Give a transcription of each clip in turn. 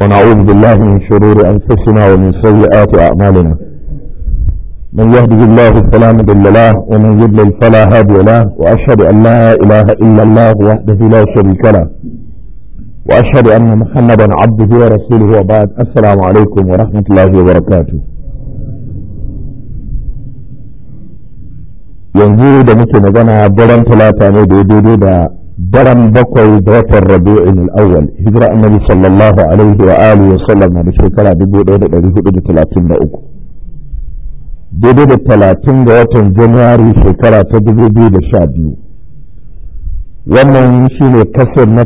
ونعوذ بالله من شرور أنفسنا ومن سيئات أعمالنا من يهده الله فلا مضل له ومن يضلل فلا هادي له وأشهد أن لا إله إلا الله وحده لا شريك له وأشهد أن محمدا عبده ورسوله وبعد السلام عليكم ورحمة الله وبركاته ينزل دمك muke magana ثلاثة talata daren bakwai da watan rabi'in al'awwal hijira annabi sallallahu alaihi wa alihi wa sallam na shekara 1433 daidai da talatin ga watan januwari shekara ta 2012 wannan shi ne kasar na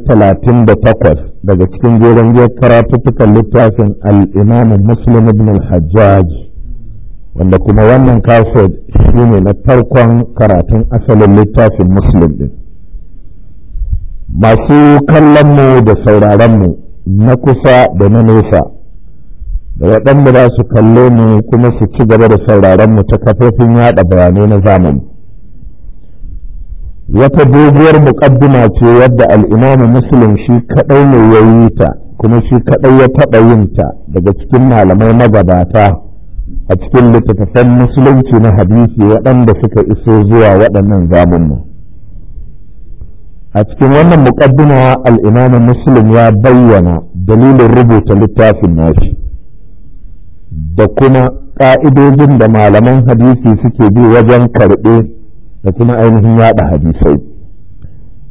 takwas daga cikin goron biyar karatuttukan littafin al'imamin muslim ibn al-hajjaj wanda kuma wannan kasar shi ne na farkon karatun asalin littafin muslim din masu mu da mu na kusa da na nesa da waɗanda za su kalle mu kuma su ci gaba da sauraronmu ta kafofin yaɗa bayanai na zamani wata doguwar muƙaddima ce wadda al'imamu musulun shi kaɗai ne ya yi ta kuma shi kaɗai ya taɓa yin ta daga cikin malamai magabata a cikin littattafan musulunci na hadisi waɗanda suka iso zuwa waɗannan zamanin a cikin wannan muƙaddima al muslim ya bayyana dalilin rubuta littafin nashi da kuma ƙa'idojin da malaman hadisi suke bi wajen karɓe da kuma ainihin yaɗa hadisai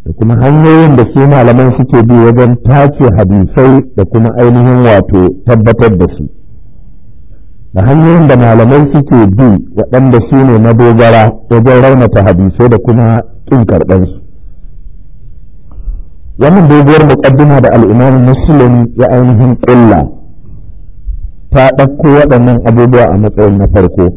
da kuma hanyoyin da su malaman suke bi wajen tace hadisai da kuma ainihin wato tabbatar da su da hanyoyin da malamai suke bi waɗanda su ne na dogara wajen raunata hadisai da kuma ƙin karɓansu wannan doguwar muqaddima da al musulun ya ainihin ƙulla ta ɗauko waɗannan abubuwa a matsayin na farko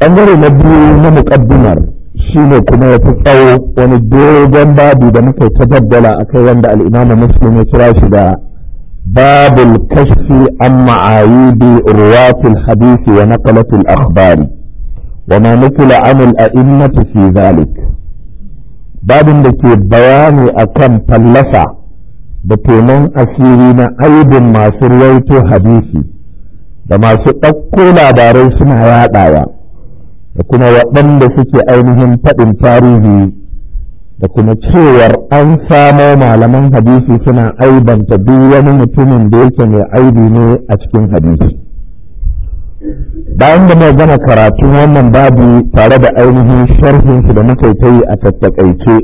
ɓangare na biyu na muƙaddimar shi ne kuma ya fi tsawo wani dogon babu da muka ta daddala a kai wanda al'imama musulun ya kira shi da babul kashfi an ma'ayidi ruwatul hadisi wa naqalatul akhbari wa ma nukula an al'a'immatu fi zalik babin da ke bayani a kan fallasa da teman asiri na aibin masu rawaito hadisi da masu ɗauko labarai suna yaɗawa da kuma waɗanda suke ainihin faɗin tarihi da kuma cewar an samo malaman hadisi suna aibanta duk wani mutumin da yake mai aibi ne a cikin hadisi bayan da mai gama karatun wannan babu tare da ainihin sharhin shi da muka ta yi a tattakaice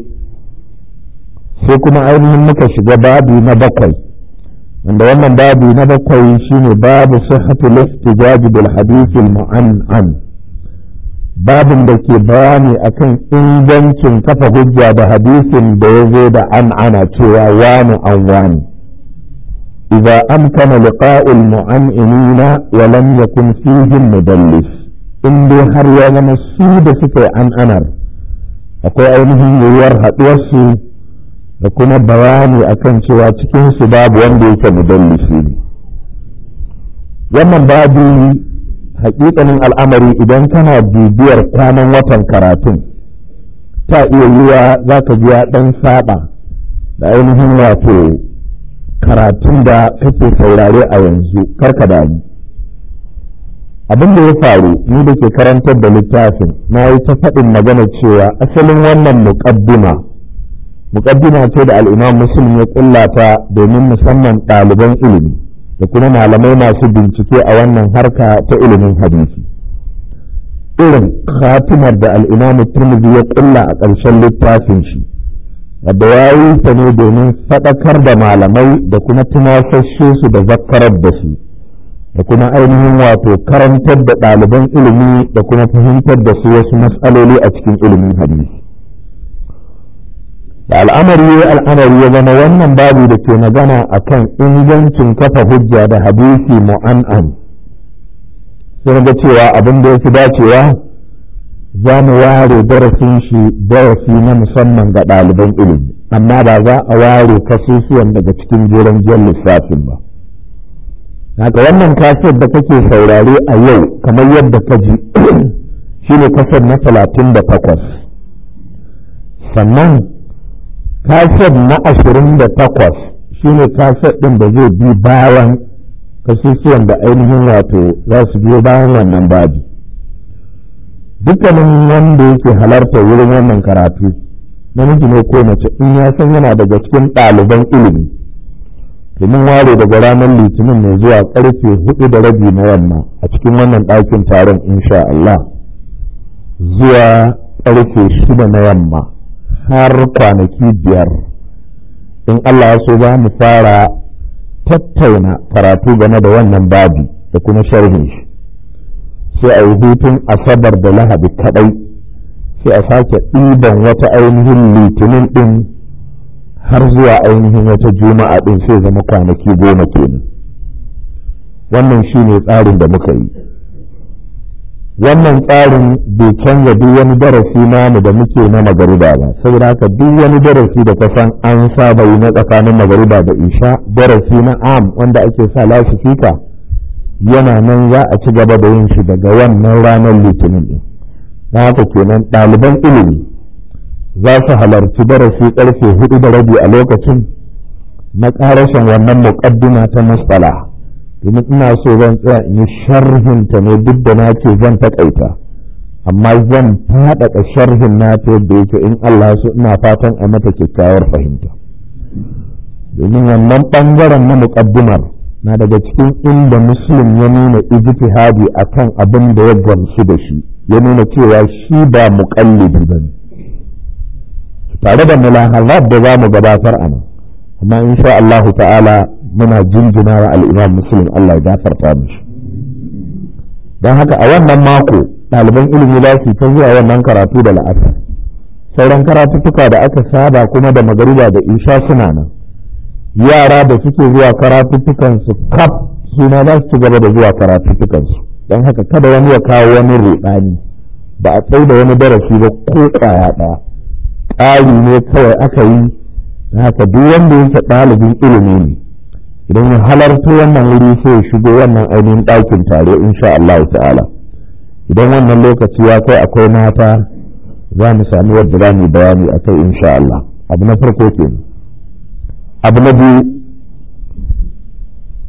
sai kuma ainihin muka shiga babu na bakwai wanda wannan babu na bakwai shine babu sihhatul istijaji bil hadith al mu'annan babin da ke bayani akan ingancin kafa hujja da hadisin da ya zo da an an'ana cewa wani an wani إذا أمكن لقاء المعنئين ولم يكن فيه المدلس إن دي هر يوم السيدة سكي عن أنر أقول أينهم يوار هتوسي لكم بواني أكن سوى تكون سباب واندي كمدلسين يمن بادي حقيقة من الأمر إذا كان دي دير كان وطن كراتون تا إيوه ذاك جواء دن سابا لأينهم واتو karatun da kake saurare a yanzu karka damu abin da ya faru ni da ke karantar da littafin na yi ta faɗin magana cewa asalin wannan muƙaddima muƙaddima ce da al'imam muslim ya ƙullata domin musamman ɗaliban ilimi da kuma malamai masu bincike a wannan harka ta ilimin hadisi irin khatimar da al'imam turmudi ya ƙulla a ƙarshen littafin shi wadda ya yi ta ne domin faɗakar da malamai da kuma tunasashe su da zakarar da su da kuma ainihin wato karantar da ɗaliban ilimi da kuma fahimtar da su wasu matsaloli a cikin ilimin hadisi da al'amari al'amari ya zama wannan babu da ke magana a kan ingancin kafa hujja da hadisi mu'an'an sun ga cewa abin da ya fi dacewa za mu ware darasin shi darasi na musamman ga ɗaliban ilimi amma ba za a ware kasusuwan daga cikin jeren jiyan lissafin ba haka wannan kasar da kake saurare a yau kamar yadda ka ji shi ne kasar na talatin da takwas sannan kasar na ashirin da takwas shi ne kasar ɗin da zai bi bayan kasusuwan da ainihin wato za su biyo bayan wannan babi dukkanin wanda yake halarta wurin wannan karatu namiji ne ko mace in ya san yana daga cikin ɗaliban ilimi to mun ware daga ranar litinin ne zuwa karfe hudu da rabi na yamma a cikin wannan ɗakin taron insha Allah zuwa karfe shida na yamma har kwanaki biyar in Allah ya so za mu fara tattauna karatu game da wannan babi da kuma sharhin shi sai a yi hutun asabar da lahadi kadai sai a sake ɗiban wata ainihin litinin ɗin har zuwa ainihin wata juma'a ɗin sai zama kwanaki goma kenan wannan shi ne tsarin da muka yi wannan tsarin bai canza duk wani darasi namu da muke na magariba ba saboda haka duk wani darasi da ka san an saba yi na tsakanin magariba da isha darasi na am wanda ake sa lasifika yana nan za a ci gaba da yin shi daga wannan ranar litinin ɗin na haka kenan ɗaliban ilimi za su halarci darasi ƙarfe hudu da rabi a lokacin na ƙarashin wannan muƙaddima ta matsala domin ina so zan tsaya in yi sharhin ta ne duk da na ce zan taƙaita amma zan faɗaɗa sharhin na ta yadda yake in Allah su ina fatan a mata kyakkyawar fahimta domin wannan ɓangaren na muƙaddimar na daga cikin inda muslim ya nuna ijtihadi akan abin da ya gamsu da shi ya nuna cewa shi ba muqallidi bane tare da mulahazat da zamu gabatar a nan amma insha Allah ta'ala muna jinjina wa al-Imam Muslim Allah ya gafarta mishi don haka a wannan mako ɗaliban ilimi za su ta zuwa wannan karatu da la'asar sauran karatuttuka da aka saba kuma da magariba da isha suna nan yara da suke zuwa karatuttukansu kaf suna za su ci gaba da zuwa karatuttukansu don haka kada wani ya kawo wani rudani ba a tsaye da wani darasi ba ko ƙwaya ɗaya ƙari ne kawai aka yi haka duk wanda yake ɗalibin ilimi ne idan ya halarta wannan wuri sai ya shigo wannan ainihin ɗakin tare insha Allah ta'ala idan wannan lokaci ya kai akwai mata za mu sami wadda za mu bayani a kai insha Allah abu na farko kenan abu na biyu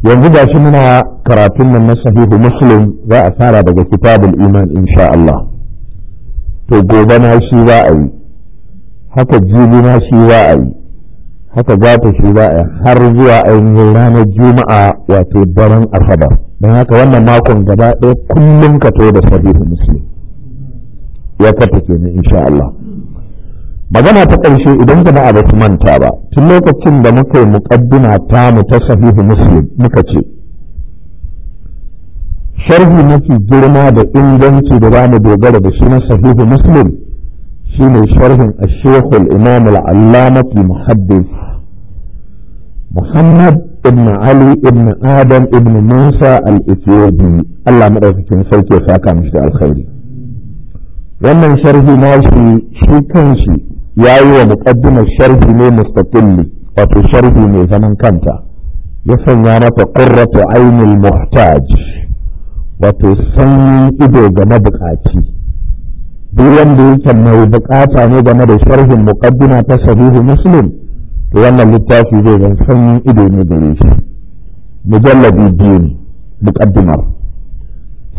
yanzu ga shi muna karatun nan na sahihu muslim za a fara daga kitabul iman insha Allah to gobe na shi za a yi haka jibi na shi za a yi haka gata shi za a yi har zuwa ainihin ranar juma'a wato daren asabar don haka wannan makon gaba ɗaya kullum ka to da sahihu muslim ya kata ke insha Allah magana ta ƙarshe idan jama'a ba su manta ba tun lokacin da muka yi muƙaddima ta mu ta sahihu muslim muka ce sharhi mafi girma da inganci da zamu dogara da shi na sahihu muslim shine sharhin al imam al'allamatu muhaddis muhammad ibn ali ibn adam ibn musa al-ethiopi allah maɗaukakin sarki ya saka mishi da alkhairi wannan sharhi na shi shi ya yi wa muƙaddimar sharhi ne mustaƙilli wato sharhi mai zaman kanta ya sanya mata ƙurratu ainul muhtaj wato sanyin ido ga mabuƙaci duk wanda yake mai buƙata ne game da sharhin muƙaddima ta sahihu muslim to wannan littafi zai zan sanyin ido ne gare shi mujalladi biyu ne muƙaddimar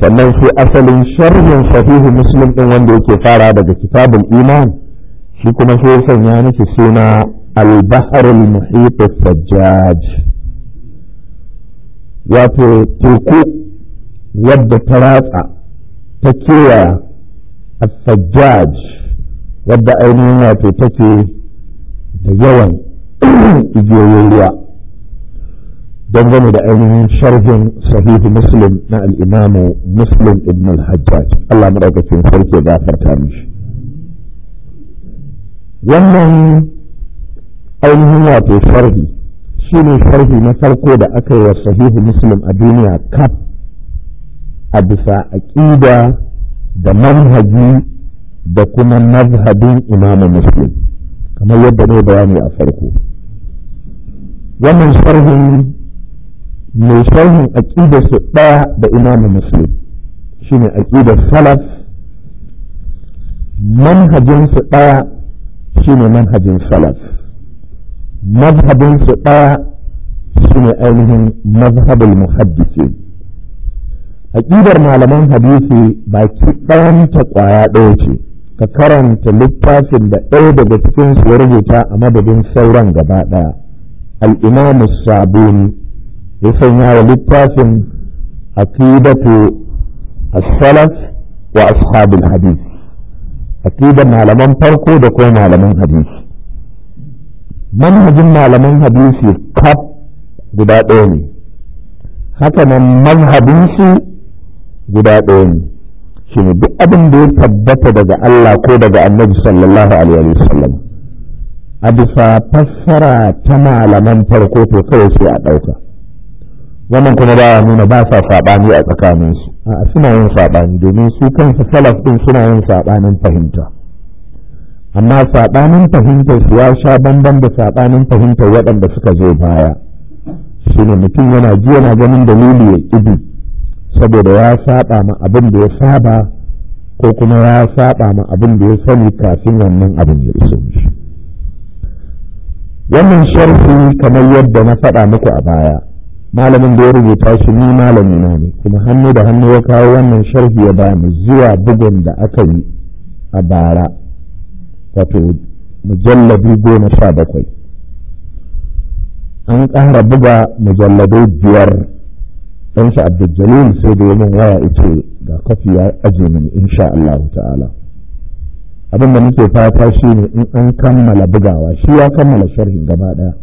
sannan sai asalin sharhin sahihu muslim ɗin wanda yake fara daga kitabul iman shi kuma sai ya sanya suna al al-muhit sajjaj wato teku wadda ta ratsa ta kewaya a sajjaj wadda ainihin wato take da yawan igiyoyin ruwa dangane da ainihin sharhin sahihu muslim na al'imamu muslim ibn al-hajjaj Allah madaukakin sarki gafarta mishi wannan ainihin wato sharhi shi ne sharhi na farko da aka yi wa sahihu muslim a duniya kaf a bisa aƙida da manhaji da kuma mazhabin imamu muslim kamar yadda ne bayani a farko wannan sharhin mai sharhin aƙida su ɗaya da imamu muslim shi ne aƙidar salaf manhajinsu ɗaya shi ne manhajin salaf mazhabinsu su ɗaya shi ne ainihin mazhabul muhaddisi aƙidar malaman hadisi baki ɗayanta ƙwaya ɗaya ce ka karanta littafin da ɗaya daga cikin su ya rubuta a madadin sauran gaba ɗaya al'imamu sabuni ya sanya wa littafin aqidatu as-salaf wa ashabul hadisi aqidar malaman farko da kuma malaman hadisi manhajin malaman hadisi kaf guda ɗaya ne haka nan manhajinsu guda ɗaya ne shi ne duk abin da ya tabbata daga Allah ko daga annabi sallallahu alaihi wasallam a bisa fassara ta malaman farko to kawai sai a ɗauka wannan kuma ba nuna ba sa saɓani a tsakaninsu a suna yin saɓani domin su kansa salaf ɗin suna yin saɓanin fahimta amma saɓanin fahimtar su ya sha bamban da saɓanin fahimtar waɗanda suka zo baya shi ne mutum yana ji yana ganin dalili ya ƙibi saboda ya saɓa ma abin da ya saba ko kuma ya saɓa ma abin da ya sani kafin wannan abin ya iso mishi wannan sharhi kamar yadda na faɗa muku a baya malamin da ya rubuta shi ni malami na ne kuma hannu da hannu ya kawo wannan sharhi ya bani zuwa bugun da aka yi a bara wato mujalladi goma sha bakwai an ƙara buga mujalladai biyar ɗan shi abdul sai da yamin waya ita ga kafi ya aje mini insha Allah ta'ala abin da muke fata shi ne in an kammala bugawa shi ya kammala sharhin gaba ɗaya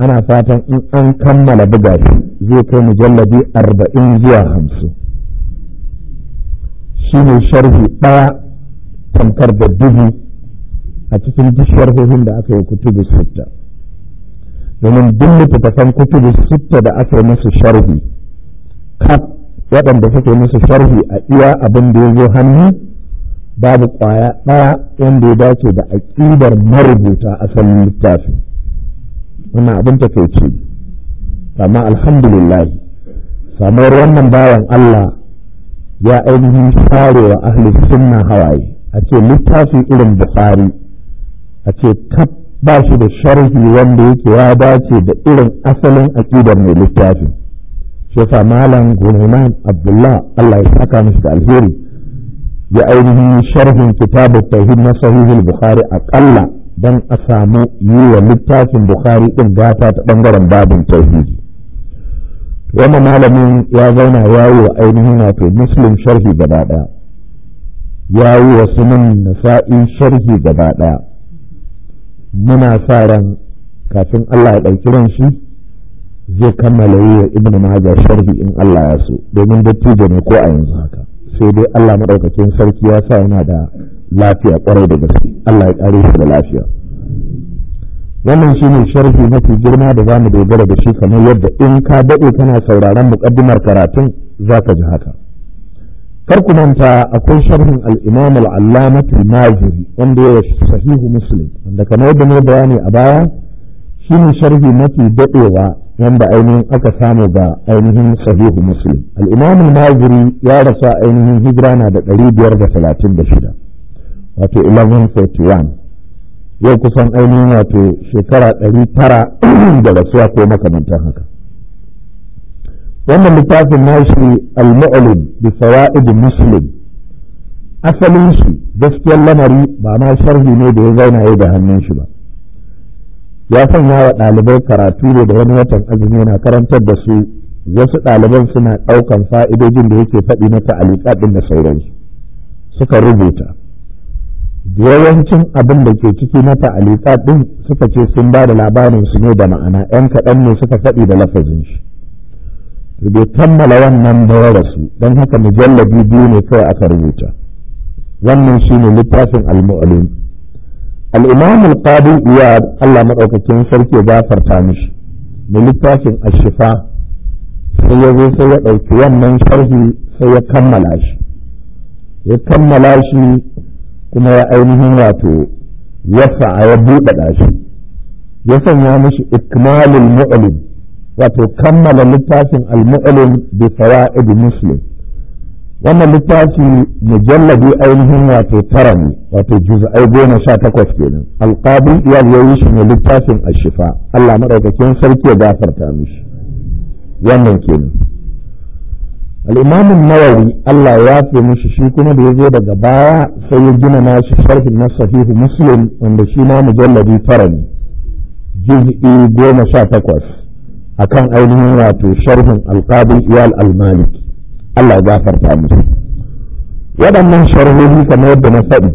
ana fatan in an kammala buga shi zai kai mujalladi arba'in zuwa hamsin shi ne sharhi ɗaya tamkar da dubu a cikin duk sharhohin da aka yi kutubu sitta domin duk littattafan kutubu sitta da aka yi musu sharhi kaf waɗanda suke masu sharhi a iya abin da ya zo hannu babu ƙwaya ɗaya wanda ya dace da aƙidar marubuta asalin littafin wannan abin ta ke ce amma alhamdulillah samar wannan bayan Allah ya ainihin share wa ahli sunna hawaye a ce littafi irin bukari a ce kaf ba shi da sharhi wanda yake ya dace da irin asalin aƙidar mai littafi shi yasa malam Gunaiman Abdullah Allah ya saka mishi da alheri ya ainihin sharhin kitabu tauhid na sahihul bukhari aƙalla don a samu yi wa littafin bukari ɗin gata ta ɓangaren babin tauhidi wanda malamin ya zauna ya yi wa ainihin wato muslim sharhi gaba ɗaya ya yi wa sunan nasa'i sharhi gaba ɗaya muna sa ran kafin allah ya ɗauki ran shi zai kammala yi wa ibn majah sharhi in allah ya so domin dattijo ne ko a yanzu haka sai dai allah maɗaukakin sarki ya sa yana da lafiya kwarai da gaske Allah ya kare shi da lafiya wannan shi ne sharhi mafi girma da zamu dogara da shi kamar yadda in ka daɗe kana sauraron muƙaddimar karatun za ka ji haka kar ku manta akwai sharhin al-imam al-allama al-maziri wanda ya sahihu muslim wanda kamar yadda ne bayani a baya shi sharhi mafi daɗewa wanda ainihin aka samu ga ainihin sahihu muslim al-imam al-maziri ya rasa ainihin hijira na da 536 wato 1141 yau kusan ainihin wato shekara 900 da rasuwa ko makamantan haka wannan littafin nashi al-mu'lim bi fawaid muslim asalin shi gaskiyar lamari ba ma sharhi ne da ya zauna yau da hannun shi ba ya sanya wa ɗalibai karatu ne da wani watan azumi yana karantar da su wasu ɗaliban suna ɗaukan fa'idojin da yake faɗi na ta'aliƙa ɗin da sauransu suka rubuta yawancin abin da ke ciki na ta'alifa ɗin suka ce sun ba da labarin su ne da ma'ana yan kaɗan ne suka faɗi da lafazin shi bai kammala wannan da su don haka mujallabi biyu ne kawai aka rubuta wannan shi ne littafin al-mu'lim al-imam al-qadi Allah madaukakin sarki ya gafarta mishi ne littafin ashifa sai ya zo sai ya ɗauki wannan sharhi sai ya kammala shi ya kammala shi kuma ya ainihin wato yasa ya buɗe shi ya sanya mishi ikmalul mu'lim wato kammala littafin al-mu'lim bi fawaid muslim wannan littafi mujalladi ainihin wato tara ne wato juz'ai goma sha takwas kenan alqabil iyal ya yi shi ne littafin ashifa Allah madaukakin sarki ya gafarta mishi wannan kenan al'imamin nawawi Allah ya fi mushi shi kuma da ya zo daga baya sai ya gina nashi sharhin na sahihu muslim wanda shi ma mujalladi tara ne juz'i goma sha takwas akan ainihin wato sharhin alqadi iyal al-malik Allah ya gafarta musu waɗannan sharhohi kamar yadda na faɗi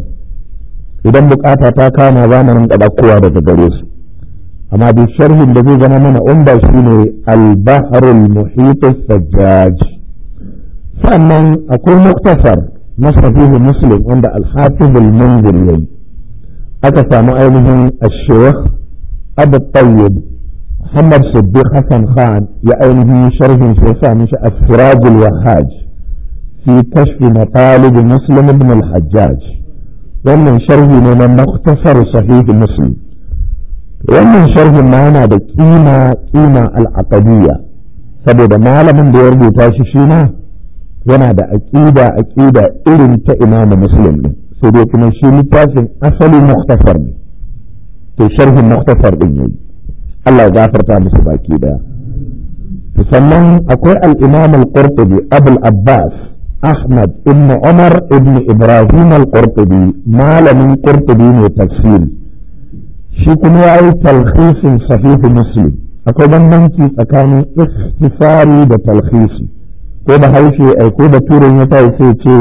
idan bukata ta kama zamanin ɗaɗakowa daga gare su amma duk sharhin da zai zama mana umba shine al-bahrul muhit sannan akwai muktasar na sahihu muslim wanda al-hafiz al-munzir yayi aka samu ainihin ash-shaykh abu tayyib muhammad siddiq hasan khan ya ainihin sharhin shi yasa mishi as-siraj al-wahhaj fi kashf matalib muslim ibn al-hajjaj wannan sharhi ne na muktasar sahih muslim wannan sharhin ma yana da kima kima al-aqdiyya saboda malamin da ya rubuta shi shi ne yana da aqida aqida irin ta imamu muslim din sai dai kuma shi littafin asali muhtasar ne to sharhin muhtasar din ne Allah ya gafarta musu baki daya sannan akwai al-imam al-qurtubi abu al abbas ahmad ibn umar ibn ibrahim al-qurtubi malamin qurtubi ne tafsiri shi kuma ya yi talhisin sahih muslim akwai bambanci tsakanin istifari da talhisi ko da haushe ai ko da turin ya sa sai ce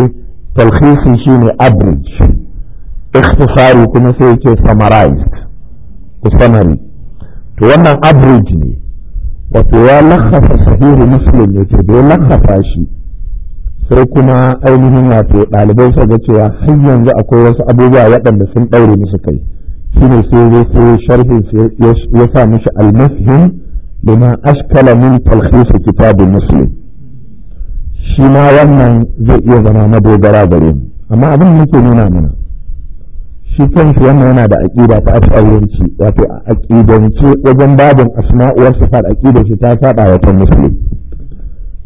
talhisi ne average ikhtisari kuma sai ce summarized ko summary to wannan average ne wato ya lakasa sahihu muslim ya ce ya lakasa shi sai kuma ainihin wato ɗalibai su ga cewa har yanzu akwai wasu abubuwa waɗanda sun ɗaure musu kai shine sai ya sai sharhin ya sa mishi al-mufhim ashkala min talhis kitab muslim shi ma wannan zai iya zama madogara gare mu amma abin da yake nuna mana shi kansu wannan yana da aƙida ta ash'ariyanci wato aƙidance wajen babin asma'uwar wa aƙida shi ta saba wa ta hakanan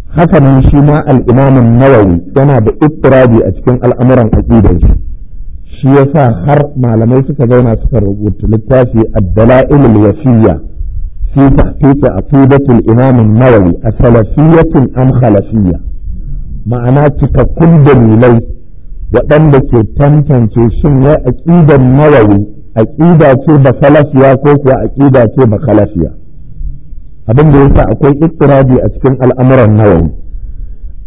haka nan shi ma al-imam nawawi yana da ittirabi a cikin al'amuran aƙidar shi shi yasa har malamai suka zauna suka rubuta littafi ad-dala'il al-wasiyya fi tahqiq aqidatul imam an-nawawi as-salafiyyah am khalafiyyah ma'ana cikakkun dalilai waɗanda ke tantance shin ya aƙidan nawawi aƙida ce ba salafiya ko kuwa aƙida ce ba khalafiya abin da yasa akwai ittirabi a cikin al'amuran nawawi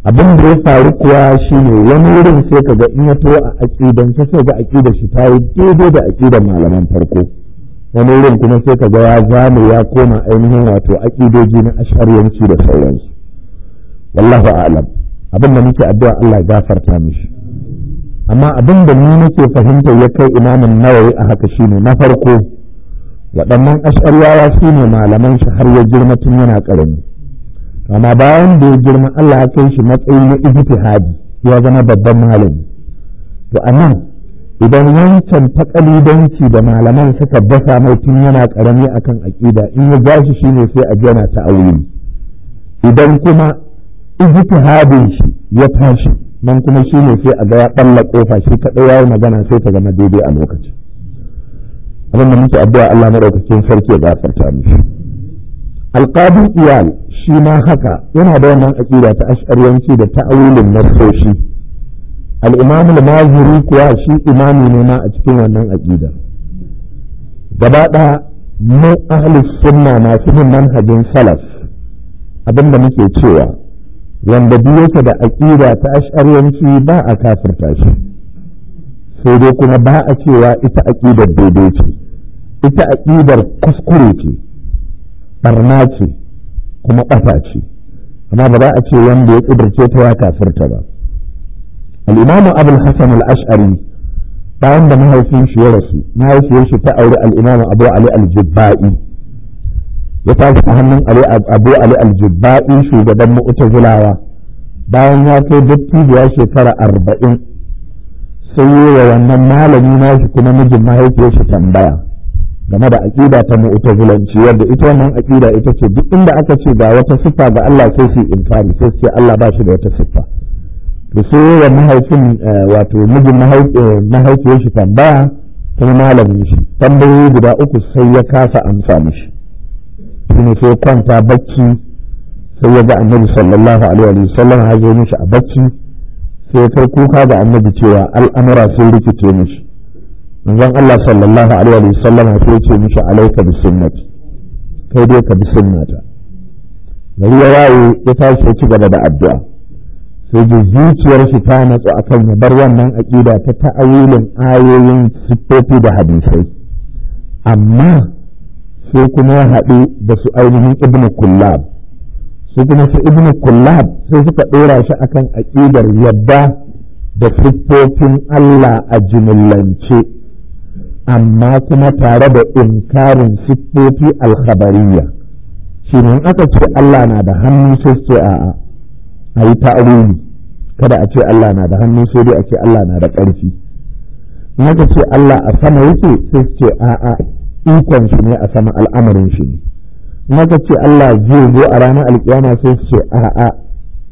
abin da ya faru kuwa shine wani wurin sai ka ga in ya to a aƙidan sai ga aƙidar shi ta yi daidai da aƙidar malaman farko wani wurin kuma sai ka ga ya zame ya koma ainihin wato aƙidoji na ashariyanci da sauransu wallahu a'lam abin da nake addu'a Allah ya gafarta mishi amma abin da ni nake fahimta ya kai imamin nawawi a haka shine na farko waɗannan ashariyawa su ne malaman shi har ya girma tun yana ƙarami amma bayan da ya girma Allah ya kai shi matsayi na ijtihadi ya zama babban malami to anan idan ta kalidanci da malaman suka dasa mai tun yana karami akan aƙida in ya gashi shine sai a jana ta'awili idan kuma ijtihadin shi ya tashi nan kuma shi ne sai a ga ya balla kofa shi kadai yayi magana sai ta zama daidai a lokacin abin da muke addu'a Allah madaukakin sarki ya gafarta mishi alqadi iyal shi ma haka yana da wannan aqida ta ash'ariyanci da ta'awilin nasoshi al-imam al-maziri kuwa shi imami ne ma a cikin wannan aqida gaba da mu ahlus sunna masu bin manhajin salaf abin da muke cewa wanda duk da aƙida ta ash'ariyanci ba a kafirta shi sai dai kuma ba a cewa ita aƙidar daidai ce ita aƙidar kuskure ce barna ce kuma ƙasa ce amma ba za a ce wanda ya ƙudurce ta ya kafirta ba al'imamu abul hasan al'ash'ari bayan da mahaifin shi ya rasu mahaifiyar shi ta auri al'imamu abu ali al-jibba'i ya tashi a hannun abu ali aljubba'i shugaban mu'tazilawa bayan ya kai dattijuwa shekara arba'in sai yi wa wannan malami nashi kuma mijin mahaifiyar shi tambaya game da aƙida ta mu'tazilanci yadda ita wannan aƙida ita ce duk inda aka ce ga wata siffa ga Allah sai su inkari sai ce Allah ba shi da wata siffa to sai wa mahaifin eh, wato mijin eh, mahaifiyar shi tambaya kuma malamin shi tambayoyi guda uku sai ya kasa amsa mishi shine sai kwanta bacci sai ya ga annabi sallallahu alaihi wa sallam ya zo mishi a bacci sai ya kuka ga annabi cewa al'amura sun rikice mishi manzon Allah sallallahu alaihi wa sallam ya ce mishi alayka bi sunnati kai dai ka bi sunnata mai ya ya tashi ya ci gaba da addu'a sai ji zuciyar shi ta natsu akan ya bar wannan aƙida ta ta'awilin ayoyin siffofi da hadisai amma sai kuma ya haɗu da su ainihin ibn kullab su kuma su ibn kullab sai suka ɗora shi akan aƙidar yadda da siffofin Allah a jimillance amma kuma tare da inkarin siffofi alkhabariya shi ne aka ce Allah na da hannu sai su a'a a yi ta'aruni kada a ce Allah na da hannu sai dai a ce Allah na da ƙarfi in aka ce Allah a sama yake sai su ce a'a ikon shi ne a sama al'amarin shi ne maka ce Allah zai zo a ranar alkiyama sai su ce a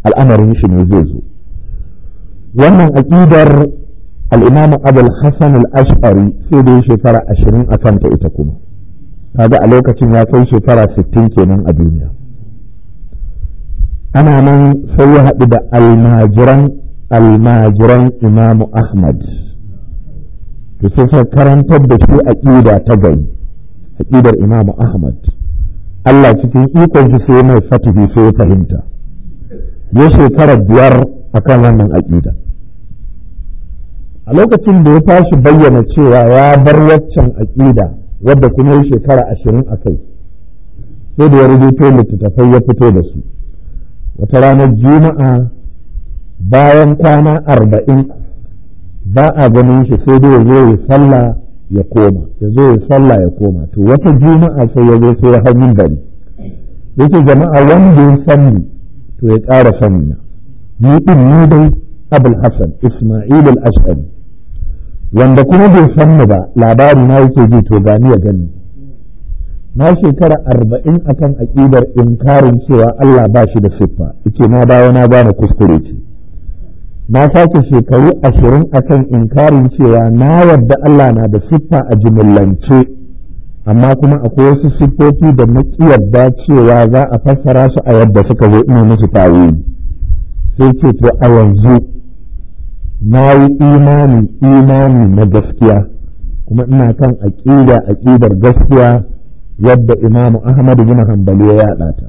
al'amarin shi ne zai zo wannan aƙidar al'imamu abul hassan al-ash'ari sai da shekara ashirin a kanta ita kuma kaga a lokacin ya kai shekara sittin kenan a duniya ana nan sai ya haɗu da almajiran almajiran imamu ahmad to sai karantar da shi aƙida ta gari aqidar Imam Ahmad Allah cikin ikon shi sai mai fatihi sai ya fahimta ya shekara biyar a kan wannan akida a lokacin da ya tashi bayyana cewa ya bar waccan aƙida wadda kuma ya shekara ashirin a kai sai da ya rubuto littattafai ya fito da su wata ranar juma'a bayan kwana arba'in ba a ganin shi sai dai ya zo ya sallah ya koma ya zo ya sallah ya koma to wata juma'a sai ya zo sai ya hau minbari yake jama'a wanda ya sanni to ya ƙara sanni na ni din ni dai abul hasan isma'il al-ash'ari wanda kuma bai sanni ba labari na yake ji to gani ya gani na shekara arba'in akan aƙidar inkarin cewa Allah ba shi da siffa yake na bawa na gane kuskure ce na sace shekaru ashirin akan inkarin cewa na yarda Allah na da siffa a jimillance amma kuma akwai wasu siffofi da na yarda cewa za a fassara su a yadda suka zo ina musu tawi sai ce to a yanzu na yi imani imani na gaskiya kuma ina kan aƙida aƙidar gaskiya yadda imamu ahmadu bin hanbali ya yaɗa ta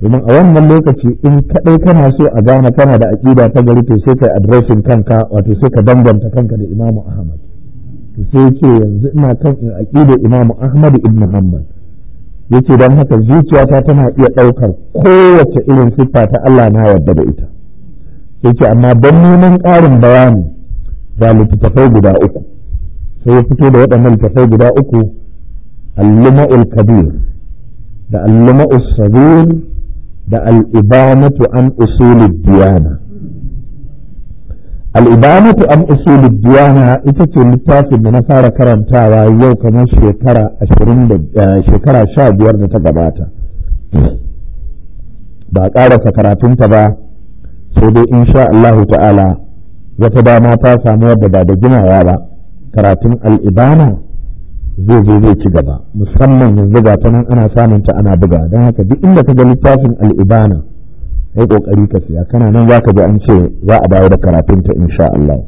domin a wannan lokaci in kadai kana so a gane kana da aƙida ta gari to sai ka addressing kanka wato sai ka danganta kanka da imamu ahmad to sai ce yanzu ina kan in aƙida imamu ahmad ibn hanbal yace don haka zuciyata tana iya ɗaukar kowace irin siffa ta Allah na yarda da ita yace amma don neman ƙarin bayani ga littattafai guda uku sai ya fito da waɗannan littattafai guda uku al-luma'ul kabir da al-luma'us da al'ibamatu an usulid diyana al'ibanatu an usulid diyana ita ce littafin da na fara karantawa yau kamar shekara eh, shekara sha biyar da ta gabata ba a ƙarasa karatunta ba sai dai insha Allahu ta'ala wata dama ta samu wadda ba da ginawa ba karatun al'ibana zai zo zai ci gaba musamman yanzu ga ta nan ana samun ta ana buga don haka duk inda ka ga littafin al'ibana ya kokari ka siya kana nan za ka ji an ce za a dawo da karatun ta insha Allah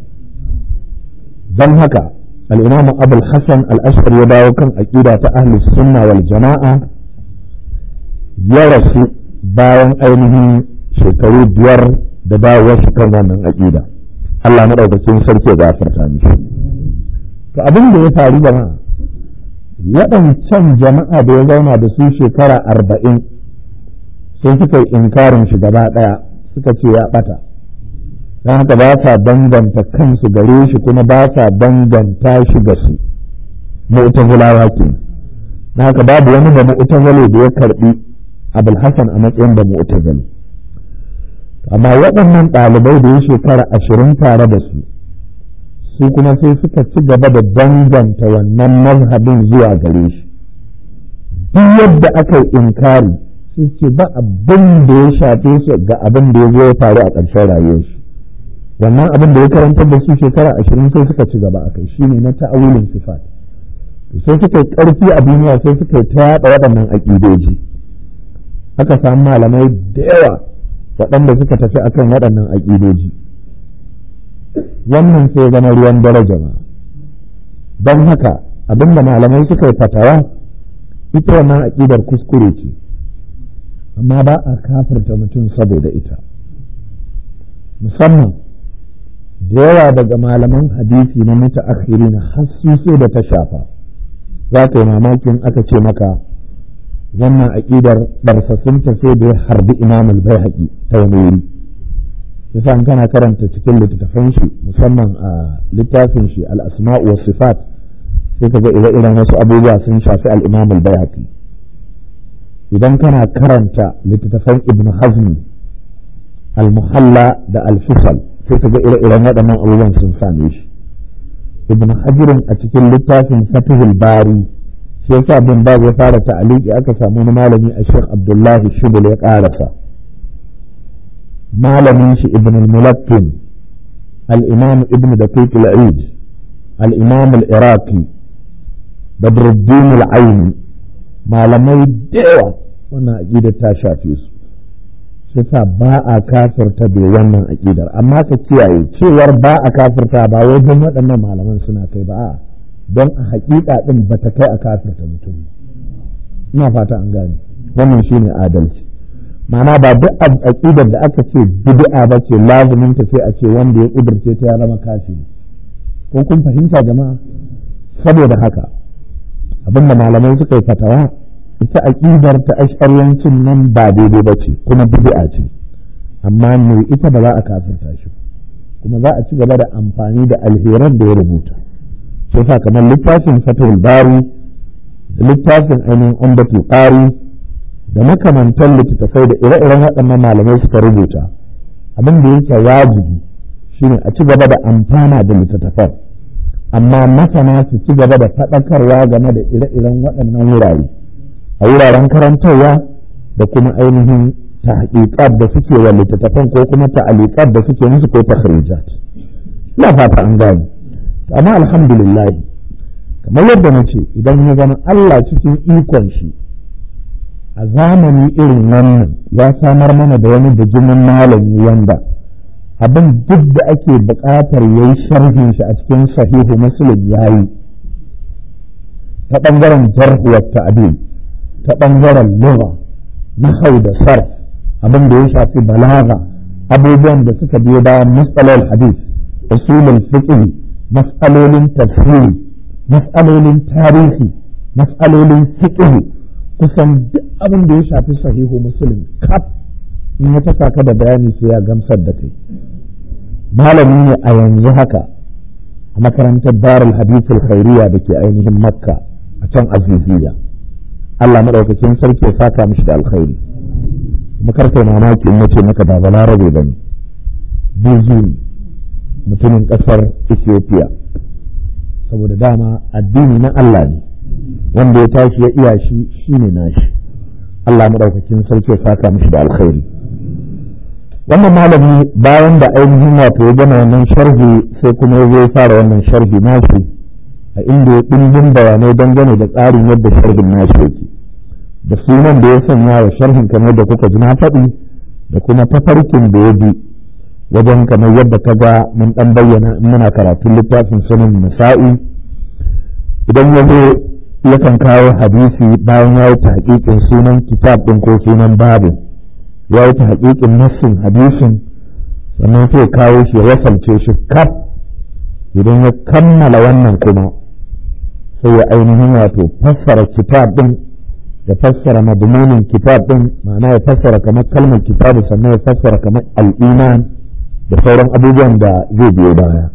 don haka al-Imam Abul Hasan al ya dawo kan aqida ta ahli sunna wal jama'a ya rasu bayan ainihin shekaru biyar da dawo shi kan wannan aqida Allah madaukakin sarki ya gafarta mishi to abin da ya faru jama'a waɗancan jama'a da ya zauna da su shekara arba'in sun suka yi inkarin shi gaba ɗaya suka ce ya ɓata don haka ba sa danganta kansu gare shi kuma ba sa danganta shi ga su mu'tazilawa ke don haka babu wani da mu'tazile da ya karɓi abulhassan a matsayin da mu'tazile amma waɗannan ɗalibai da ya shekara ashirin tare da su su kuma sai suka ci gaba da danganta wannan mazhabin zuwa gare shi duk yadda aka yi inkari su ce ba abin da ya shafe su ga abin da ya zo ya faru a ƙarshen su wannan abin da ya karantar da su shekara ashirin sai suka ci gaba a kai shi ne na ta'awulin sifat sai suka yi ƙarfi a duniya sai suka yi ta yaɗa waɗannan aƙidoji aka samu malamai da yawa waɗanda suka tafi akan waɗannan aƙidoji wannan sai zama ruwan daraja ba don haka abinda malamai suka yi fatawa ita wannan aƙidar kuskure ce amma ba a kafirta mutum saboda ita musamman da yawa daga malaman hadisi na mutu akhiri na sai da ta shafa za ka yi mamakin aka ce maka wannan aƙidar ɗarsasunta sai da ya harbi imamul bai haƙi ta wani wuri yasa kana karanta cikin littattafan shi musamman a littafin shi al-asma'u sifat sai ka ga ire-iren wasu abubuwa sun shafi al-imam idan kana karanta littattafan ibn hazmi al-muhalla da al-fisal sai ka ga ire-iren waɗannan abubuwan sun same shi ibn hajirin a cikin littafin fatihul bari shi yasa bin babu ya fara ta'aliki aka samu wani malami a shek abdullahi shibul ya karasa malamin shi ibn al-mulaqqin al-imam ibn daqiq al-eid al-imam al-iraqi badruddin al-aini malamai da yawa wannan aqidar ta shafe su shi sa ba a kafirta bai wannan aƙidar amma ka kiyaye cewar ba a kafirta ba wai don waɗannan malaman suna kai ba a don a haƙiƙa ɗin ba ta kai a kafirta mutum ina fata an gane wannan shine adalci ma'ana ba duk aƙidar da aka ce bid'a ba ce lazumin ta sai a ce wanda ya ƙudurce ta ya zama kafiri ko kun fahimta jama'a saboda haka abinda malamai suka yi fatawa ita aƙidar ta ashariyancin nan ba daidai ba ce kuma bid'a ce amma ne ita ba za a kafirta shi kuma za a ci gaba da amfani da alheran da ya rubuta sai sa kamar littafin fatahul bari littafin ainihin umbatul qari da makamantan littattafai da ire-iren waɗannan malamai suka rubuta abin da yake wajibi shine a ci gaba da amfana da littattafan amma masana su ci gaba da faɗakarwa game da ire-iren waɗannan wurare a wuraren karantarwa da kuma ainihin tahqiqat da suke wa littattafan ko kuma ta'aliqat da suke musu ko takhrijat ina fata an gane amma alhamdulillah kamar yadda na ce idan ya zama Allah cikin ikon shi a zamani irin wannan ya samar mana da wani bijimin malami wanda abin duk da ake bukatar ya yi sharhin shi a cikin sahihu muslim ya yi ta ɓangaren jarhuwar ta'adil ta ɓangaren lura nahau da sar abin da ya shafi balaga abubuwan da suka biyo bayan matsalar hadis usulul fiqh matsalolin tafsiri matsalolin tarihi matsalolin fiqh kusan duk abin da ya shafi sahihu musulun kaf in ya tafa ka da bayani sai ya gamsar da kai malami ne a yanzu haka a makarantar darul hadithul khairiyya da ke ainihin makka a can aziziya Allah madaukakin sarki ya saka mishi da alkhairi karfe mamaki in nace maka ba balarabe bane Buzun mutumin kasar Ethiopia saboda dama addini na Allah ne wanda ya tashi ya iya shi shine nashi Allah madaukakin sarki ya saka mishi da alkhairi wannan malami bayan da ainihin wato ya gama wannan sharhi sai kuma ya zo fara wannan sharhi nashi a inda ya dimbin bayanai dangane da tsarin yadda sharhin nashi yake da sunan da ya sanya wa sharhin kamar da kuka ji na faɗi da kuma tafarkin da ya bi wajen kamar yadda ka ga mun ɗan bayyana muna karatun littafin sunan nasa'i idan ya zo yakan kawo hadisi bayan ya wuce hakikin sunan kitab ɗin ko sunan babu ya wuce hakikin nassin hadisin sannan sai kawo shi ya wasalce shi kaf idan ya kammala wannan kuma sai ya ainihin wato fassara kitab ɗin ya fassara madmunin kitab ɗin ma'ana ya fassara kamar kalmar kitab sannan ya fassara kamar al'iman da sauran abubuwan da zai biyo baya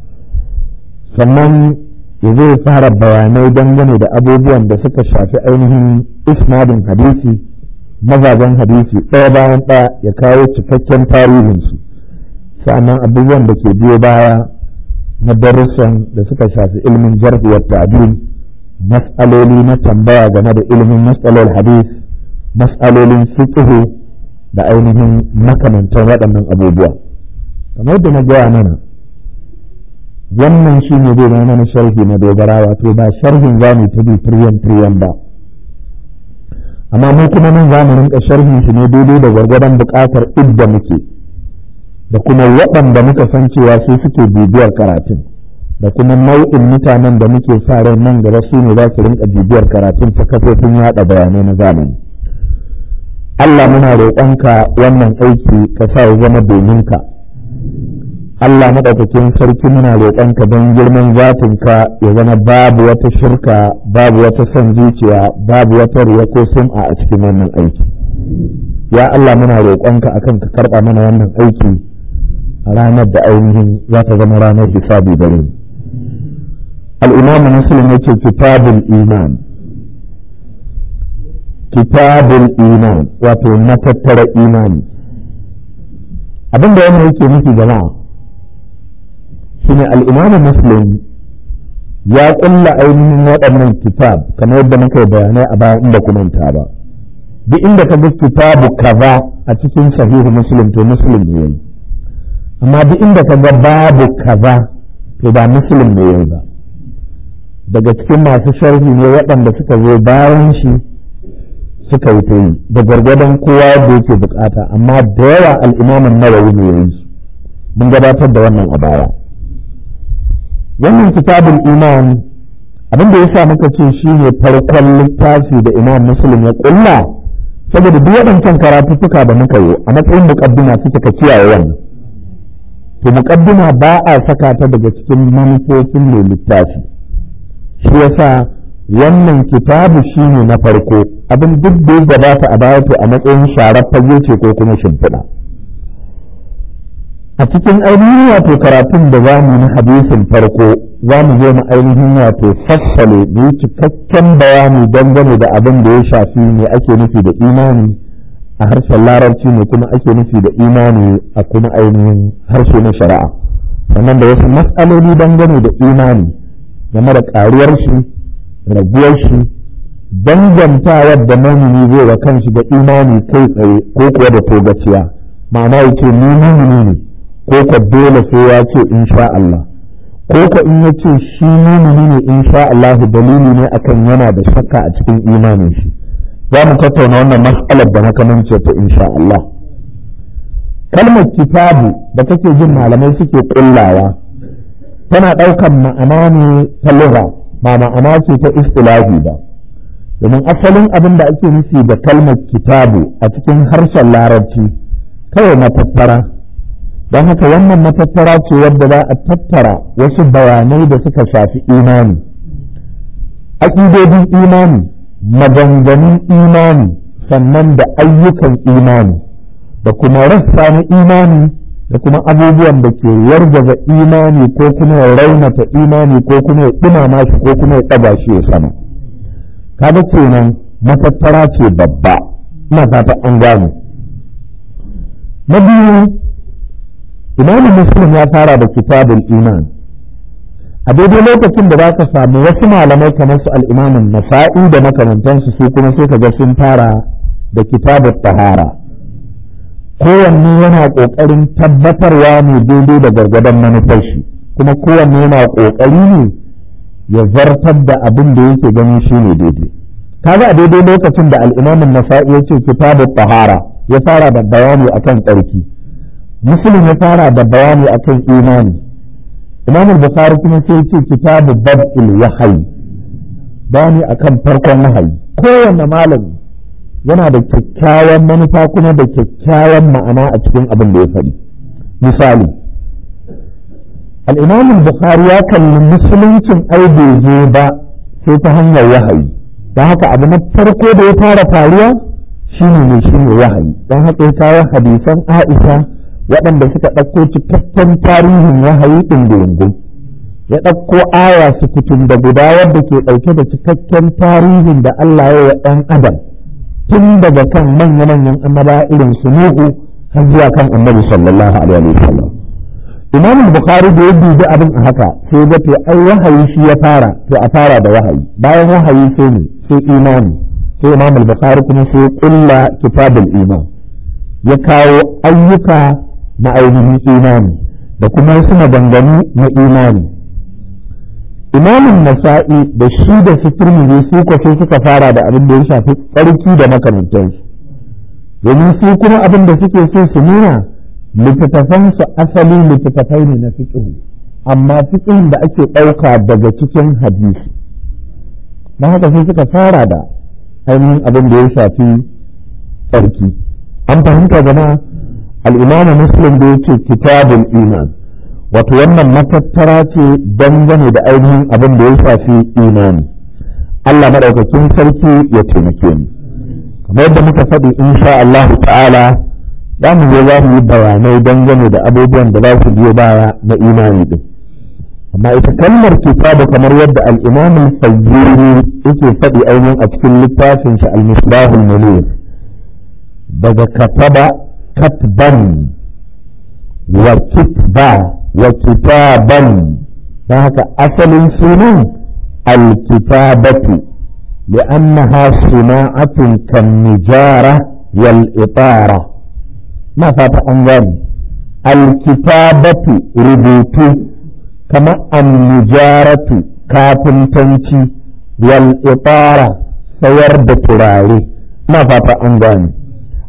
sannan zai fara bayanai dangane da abubuwan da suka shafi ainihin isnadin hadisi mazajen hadisi ɗaya bayan ɗaya ya kawo cikakken tarihinsu sannan abubuwan da ke biyo baya na darussan da suka shafi ilimin jarhi wa mas'aloli na tambaya game da ilimin mas'alol hadis mas'alolin fiqh da ainihin makamantan waɗannan abubuwa kamar da na gaya mana wannan shi ne zai zama mana sharhi na dogara wato ba sharhin za mu tabi tiryan tiryan ba amma mu kuma nan za mu rinka sharhin shi ne daidai da gwargwadon buƙatar idda muke da kuma da muka san cewa su suke bibiyar karatun da kuma nau'in mutanen da muke sa ran nan gaba su ne za su rinka bibiyar karatun ta kafofin yaɗa bayanai na zamani Allah muna roƙonka wannan aiki ka sa ya zama domin ka Allah madaukakin sarki muna roƙonka don girman zatinka ya zama babu wata shirka babu wata son zuciya babu wata riya ko sum'a a cikin wannan aiki ya Allah muna roƙonka akan ka karɓa mana wannan aiki a ranar da ainihin za ta zama ranar hisabi gare mu al-imamu muslim yake kitabul iman kitabul iman wato na tattara imani abinda wannan yake nufi jama'a shine al'imamu muslim ya kulla ainihin waɗannan kitab kamar yadda muka yi bayanai a bayan inda kumanta ba duk inda ka ga kitabu kaza a cikin sahihu muslim to muslim ne yayi amma duk inda ka ga babu kaza to ba muslim ne yayi ba daga cikin masu sharhi ne waɗanda suka zo bayan shi suka yi ta da gwargwadon kowa da yake bukata amma da yawa al'imamin nawawi ne yayi mun gabatar da wannan a baya wannan kitabul iman abin da yasa muka ce shine farkon littafi da imam muslim ya kulla saboda duk waɗancan karatuttuka da muka yi a matsayin muqaddima suka ka kiyaye wannan to muqaddima ba a saka ta daga cikin manufofin mai littafi shi yasa wannan kitabu shine na farko abin duk da ya gabata a baya to a matsayin sharar fage ce ko kuma shimfiɗa a cikin ainihin wato karatun da za mu na hadisin farko za mu zo mu ainihin wato fassale mu cikakken bayani dangane da abin da ya shafi ne ake nufi da imani a harshen larabci ne kuma ake nufi da imani a kuma ainihin harshe na shari'a sannan da wasu matsaloli dangane da imani game da ƙaruwar shi raguwar shi dangantawar da mamuni zai da kanshi da imani kai tsaye ko kuwa da togaciya ma'ana yake ni mumini ne ko ka dole sai ya ce insha Allah ko ka in ya ce shi mumini ne insha Allah dalili ne akan yana da shakka a cikin imanin shi za mu tattauna wannan mas'alar da makamancin ta insha Allah kalmar kitabu da kake jin malamai suke kullawa tana ɗaukar ma'ana ne ta lura ba ma'ana ce ta istilahi ba domin asalin abin da ake nufi da kalmar kitabu a cikin harshen larabci kawai tattara. don haka wannan matattara ce wadda za a tattara wasu bayanai da suka shafi imani aƙidodin imani maganganun imani sannan da ayyukan imani da kuma rassa na imani da kuma abubuwan da ke wargaza imani ko kuma ya raunata imani ko kuma ya ɗumama shi ko kuma ya ɗaga shi ya sama kaga kenan matattara ce babba ina fata an gane na biyu imamu muslim ya fara da kitabul iman a daidai lokacin da za ka samu wasu malamai kamar su al'imamin nasa'i da makamantansu su kuma sai ka ga sun fara da kitabul tahara kowanne yana ƙoƙarin tabbatarwa ne daidai da gargadan manufar shi kuma kowanne yana ƙoƙari ne ya zartar da abin da yake gani shi ne daidai kaga a daidai lokacin da al'imamin nasa'i ya ce kitabul tahara ya fara da bayani akan tsarki muslim ya fara da bayani akan imani imam al-bukhari kuma sai ce kitabu bad'il wahyi bayani akan farkon wahayi kowanne malami yana da kyakkyawan manufa kuma da kyakkyawan ma'ana a cikin abin da ya faɗi misali al-imam al ya kalli musuluncin ai bai je ba sai ta hanyar wahayi da haka abu na farko da ya fara faruwa shine ne shine wahayi don haka ya kawo hadisan Aisha waɗanda suka ɗauko cikakken tarihin wahayi ɗungurungun ya ɗauko aya su fitin da guda wadda ke ɗauke da cikakken tarihin da Allah ya wa ɗan adam tun daga kan manya-manyan annaba irin su nuhu har zuwa kan annabi sallallahu alaihi wa sallam imam bukhari da ya dubi abin a haka sai ga to ai wahayi shi ya fara to a fara da wahayi bayan wahayi sai ne sai imani sai imam bukhari kuma sai kulla kitabul iman ya kawo ayyuka na ainihin imani da kuma wasu dangane na imani imamin nasa'i da shi da su turmiji su kwafi suka fara da abin da ya shafi tsarki da makamantansu domin su kuma abin da suke so su nuna littattafansu asali littattafai ne na fiƙihu amma fiƙihun da ake ɗauka daga cikin hadisi na haka sai suka fara da ainihin abin da ya shafi tsarki an fahimta jama'a al'imamu muslim da yake kitabul iman wato wannan matattara ce dangane da ainihin abin da ya shafi imani Allah maɗaukakin sarki ya taimake mu kamar muka faɗi in sha Allahu ta'ala za zo za mu yi bayanai dangane da abubuwan da za su biyo baya na imani din amma ita kalmar kitabu kamar yadda al'imamin imam al yake faɗi ainihin a cikin littafin shi al-misbahul munir daga kataba katban wa kitba wa kitaban don haka asalin sunan alkitabatu لأنها صناعة كالنجارة والإطارة ما فات أنظام الكتابة ربوت كما النجارة كاتم تنشي والإطارة سيربط بتراري ما فات أنظام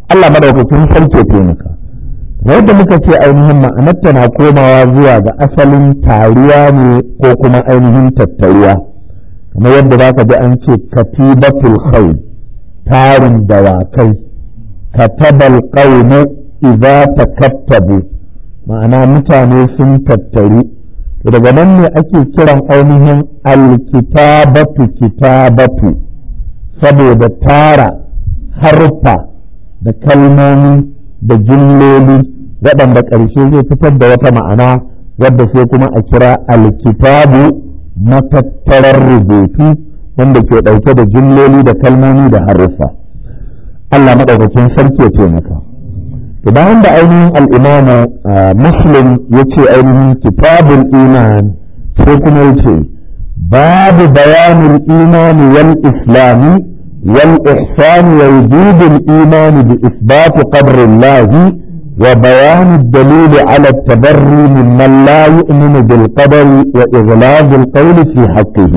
Allah madaukakin sarki ya taimaka yadda muka ce ainihin ma'anarta na komawa zuwa ga asalin taruwa ne ko kuma ainihin tattaruwa kamar yadda za ka ji an ce katibatul khawd tarin dawakai katabal qawmu idza takattabu ma'ana mutane sun tattaru daga nan ne ake kiran ainihin alkitabatu kitabatu saboda tara harfa da kalmomi da jimloli waɗanda ƙarshe zai fitar da wata ma'ana wadda sai kuma a kira alkitabu matattarar rubutu wanda ke ɗauke da jimloli da kalmomi da harufa Allah maɗaukakin sarki ya ce maka to bayan da ainihin al'imamu muslim ya ce ainihin kitabul iman sai kuma ya ce babu bayanin imani wal islami والإحسان ووجود الإيمان بإثبات قدر الله وبيان الدليل على التبري ممن لا يؤمن بالقدر وإغلاظ القول في حقه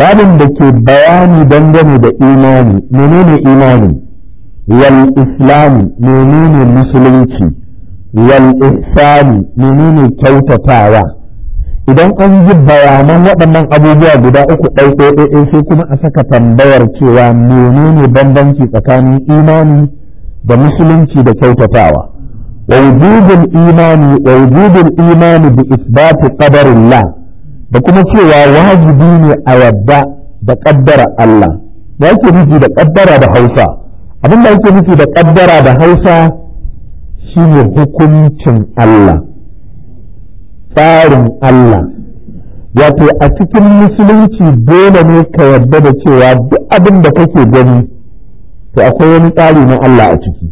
babin da ke bayani dangane da imani menene imani wal islam menene musulunci wal ihsan menene kyautatawa idan an yi bayanan waɗannan abubuwa guda uku ɗai sai kuma a saka tambayar cewa menene bambanci tsakanin imani da musulunci da kyautatawa wajibin imani wajibin wujudul imani bi isbati qadarillah da kuma cewa wajibi ne a yadda da kaddara Allah da yake nufi da kaddara da Hausa abin da yake nufi da kaddara da Hausa shine hukuncin Allah tsarin Allah wato a cikin musulunci dole ne ka yarda da cewa duk abin da kake gani to akwai wani tsari na Allah a ciki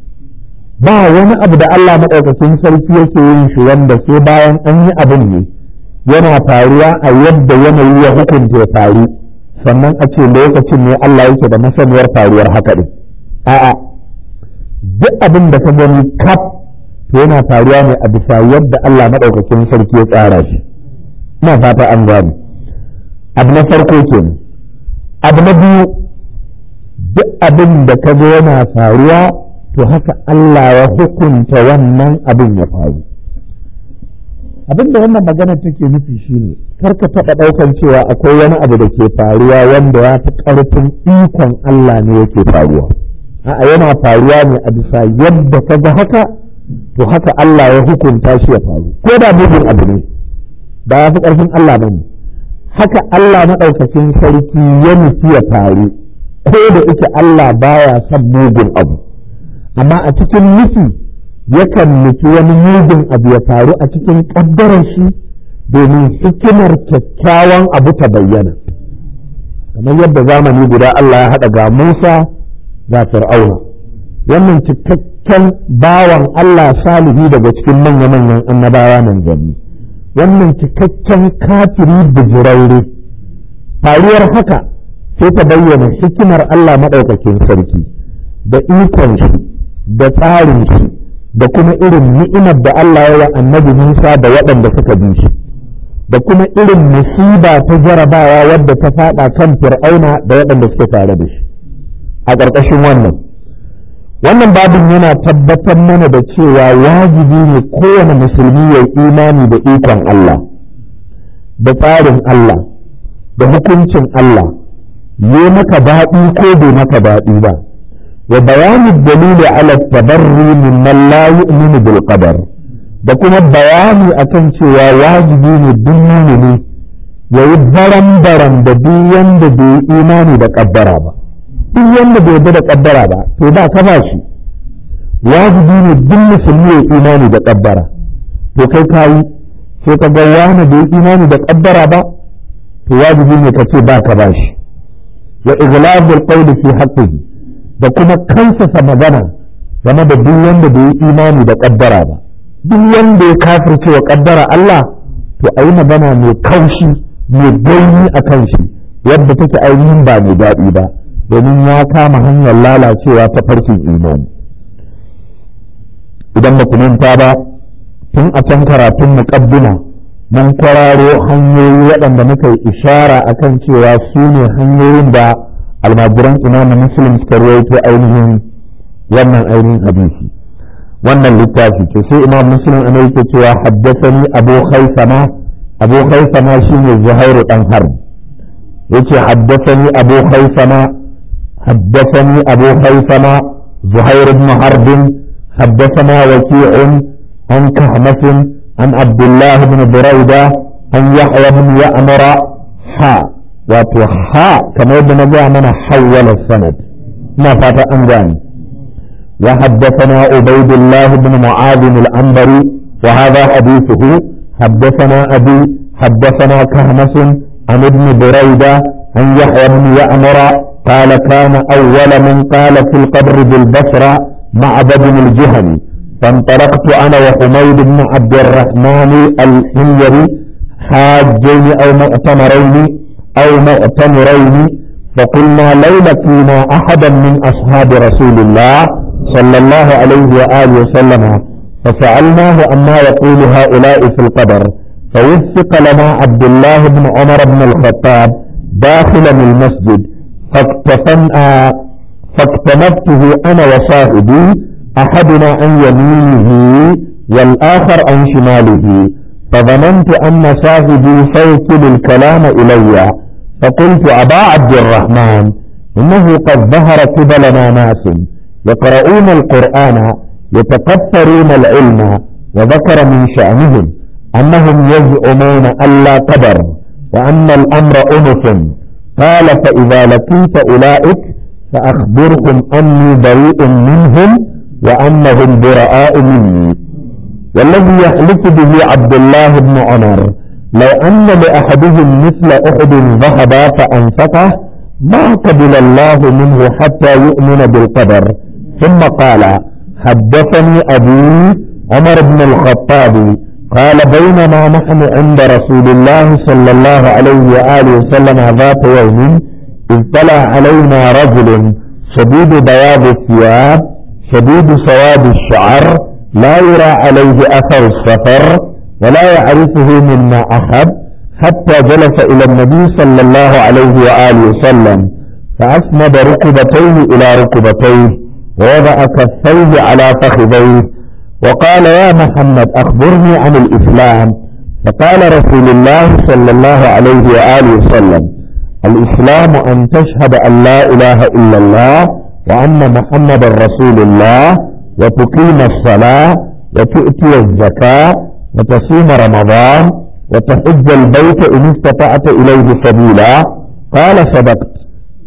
ba wani abu da Allah maɗaukakin sarki yake yin shi wanda sai bayan an yi abin ne yana faruwa a yadda yanayi ya hukunta ya faru sannan a ce lokacin ne Allah yake da masaniyar faruwar haka ɗin a'a duk abin da ka gani kaf to yana faruwa ne a bisa yadda Allah maɗaukakin sarki ya tsara shi ina fata an gane abu na farko kenan abu na biyu duk abin da ka zo yana faruwa to haka Allah ya hukunta wannan abin ya faru abin da wannan magana take nufi shine kar ka taɓa ɗaukan cewa akwai wani abu da ke faruwa wanda ya fi ƙarfin ikon Allah ne yake faruwa a'a yana faruwa ne a bisa yadda ka ga haka to haka Allah ya hukunta shi ya faru ko da mugun abu ne ba ya fi ƙarfin Allah ba ne haka Allah maɗaukacin sarki ya nufi ya faru ko da ita Allah baya son mugun abu amma a cikin nufi yakan nufi wani mugun abu ya faru a cikin ƙaddarar shi domin hikimar kyakkyawan abu ta bayyana kamar yadda zamani guda Allah ya haɗa ga Musa ga Fir'auna wannan cikakken bawan Allah salihi daga cikin manya-manyan annabawa nan gani wannan cikakken kafiri bijiraure faruwar haka sai ta bayyana hikimar Allah maɗaukakin sarki da ikon shi da tsarin shi da kuma irin ni'imar da Allah ya annabi Musa da waɗanda suka bi shi da kuma irin musiba ta jarabawa wadda ta faɗa kan fir'auna da waɗanda suka tare da shi a ƙarƙashin wannan wannan babin yana tabbatar mana da cewa wajibi ne kowane musulmi ya imani da ikon Allah da tsarin Allah da hukuncin Allah yi maka daɗi ko bai maka daɗi ba wa bayanin dalili ala tabarri mimman la yu'minu bil qadar da kuma bayani akan cewa wajibi ne duk mumini yayi baran baran da duk wanda bai imani da kaddara ba duk wanda bai yarda da kaddara ba to ba ka ba shi wajibi ne duk musulmi ya imani da kaddara to kai kayi sai ka ga wani bai imani da kaddara ba to wajibi ne ka ce ba ka ba shi wa ighlabul qawli fi haqqihi da kuma kansasa magana game da duk wanda bai yi imani da kaddara ba duk wanda ya kafirce wa kaddara Allah to a yi magana mai kaushi mai ganyi a kan shi yadda take ainihin ba mai daɗi ba domin ya kama hanyar lalacewa ta farkin imani idan ba ku manta ba tun a can karatun muƙaddima mun kwararo hanyoyi waɗanda muka yi ishara a kan cewa su ne hanyoyin da almajiran imamu muslim suka rawaito ainihin wannan ainihin hadisi wannan littafi ce sai imam muslim ana yake cewa haddasani abu khaisama abu shi shine zuhairu dan harb yace haddasani abu khaisama حدثني أبو خيثمة زهير بن حرب حدثنا وكيع عن كهمس عن عبد الله بن بريدة عن يحيى بن يأمر حا وتحا كما يبدو جاء من حول السند ما فات أنجان وحدثنا عبيد الله بن معاذ الأنبري وهذا حديثه حدثنا أبي حدثنا كهمس عن ابن بريدة عن يحيى بن يأمر قال كان أول من قال في القبر بالبصرة معبد الجهني فانطلقت أنا وحميد بن عبد الرحمن الحميري حاجين أو مؤتمرين أو مؤتمرين فقلنا لولا فينا أحدا من أصحاب رسول الله صلى الله عليه وآله وسلم فسالناه عما يقول هؤلاء في القبر فوثق لنا عبد الله بن عمر بن الخطاب داخلا المسجد فاقتنفته أنا وصاحبي أحدنا عن يمينه والآخر عن شماله فظننت أن صاحبي سيكل الكلام إلي فقلت أبا عبد الرحمن إنه قد ظهر قبلنا ناس يقرؤون القرآن يتقطرون العلم وذكر من شأنهم أنهم يزعمون ألا قدر وأن الأمر أنف قال فإذا لقيت أولئك فأخبرهم أني بريء منهم وأنهم براء مني والذي يحلف به عبد الله بن عمر لو أن لأحدهم مثل أحد ذهب فأنفقه ما قبل الله منه حتى يؤمن بالقدر ثم قال حدثني أبي عمر بن الخطاب قال بينما نحن عند رسول الله صلى الله عليه وآله وسلم ذات يوم إذ طلع علينا رجل شديد بياض الثياب شديد سواد الشعر لا يرى عليه أثر السفر ولا يعرفه مما احب حتى جلس إلى النبي صلى الله عليه وآله وسلم فأسند ركبتيه إلى ركبتيه ووضع كفيه على فخذيه وقال يا محمد أخبرني عن الإسلام فقال رسول الله صلى الله عليه وآله وسلم الإسلام أن تشهد أن لا إله إلا الله وأن محمد رسول الله وتقيم الصلاة وتؤتي الزكاة وتصوم رمضان وتحج البيت إن استطعت إليه سبيلا قال صدقت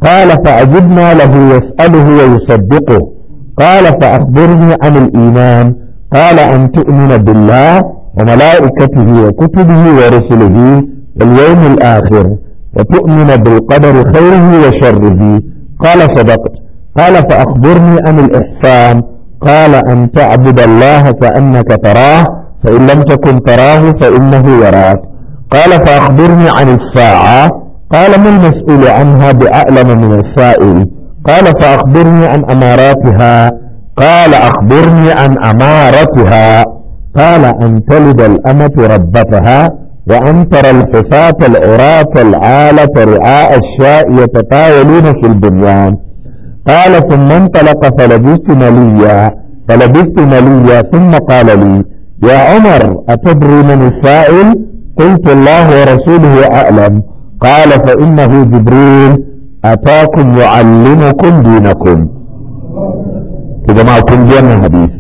قال فعجبنا له يسأله ويصدقه قال فأخبرني عن الإيمان قال أن تؤمن بالله وملائكته وكتبه ورسله واليوم الآخر وتؤمن بالقدر خيره وشره قال صدقت قال فأخبرني عن الإحسان قال أن تعبد الله كأنك تراه فإن لم تكن تراه فإنه يراك قال فأخبرني عن الساعة قال ما المسؤول عنها بأعلم من السائل قال فأخبرني عن أماراتها قال أخبرني عن أمارتها قال أن تلد الأمة ربتها وأن ترى الحفاة العراة العالة رعاء الشاء يتطاولون في البنيان قال ثم انطلق فلبثت مليا فلبثت مليا ثم قال لي يا عمر أتدري من السائل قلت الله ورسوله أعلم قال فإنه جبريل أتاكم يعلمكم دينكم to jama'a kun ji wannan hadisi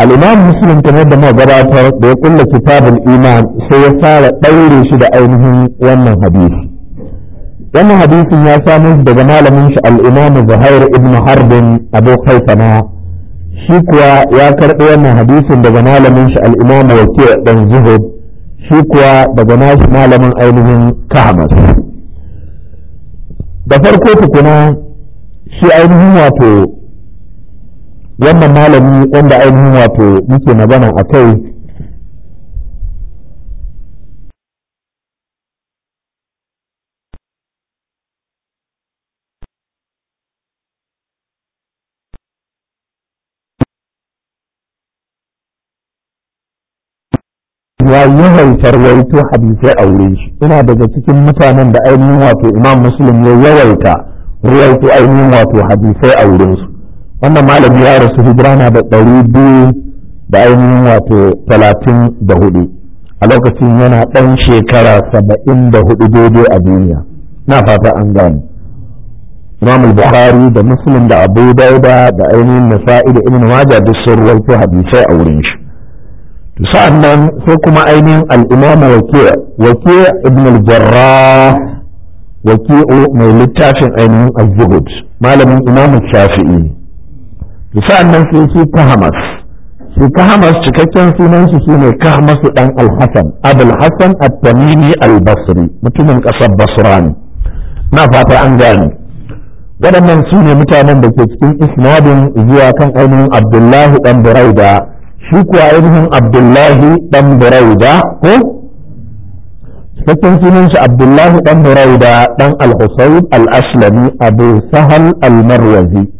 al-imam muslim kamar da muka gabatar da ya kulla kitabul iman sai ya fara daure shi da ainihin wannan hadisi wannan hadisin ya samu daga malamin shi al-imam Zuhair ibn Harbin Abu Khaythama shi kuwa ya karɓi wannan hadisin daga malamin shi al-imam Waki' dan Zuhud shi kuwa daga nashi malamin ainihin Kahmas da farko tukuna shi ainihin wato wannan malami wanda ainihin wato muke magana a kai ya yi hadisai a wurin shi ina daga cikin mutanen da ainihin wato imam muslim ya yawaita ruwaito ainihin wato hadisai a wurin su wannan malami ya rasu hijira na da ɗari biyu da ainihin wato talatin da hudu a lokacin yana ɗan shekara saba'in da hudu daidai a duniya na fata an gane imam bukhari da muslim da abu dauda da ainihin nasa'i da ibn maja duk sun rawaito hadisai a wurin shi to sa'an sai kuma ainihin al-imam waqi' waqi' ibn al-jarrah waki'u mai littafin ainihin az-zuhud malamin imam shafi'i to sa'annan sai su kahamas su kahamas cikakken sunan su shine kahamas dan al-hasan abul hasan at-tamimi al-basri mutumin kasar basra ne na fata an gane waɗannan su ne mutanen da ke cikin isnadin zuwa kan ainihin abdullahi dan buraida shi kuwa ainihin abdullahi dan buraida ko cikakken shi abdullahi dan buraida dan al-husayb al-aslami abu sahal al-marwazi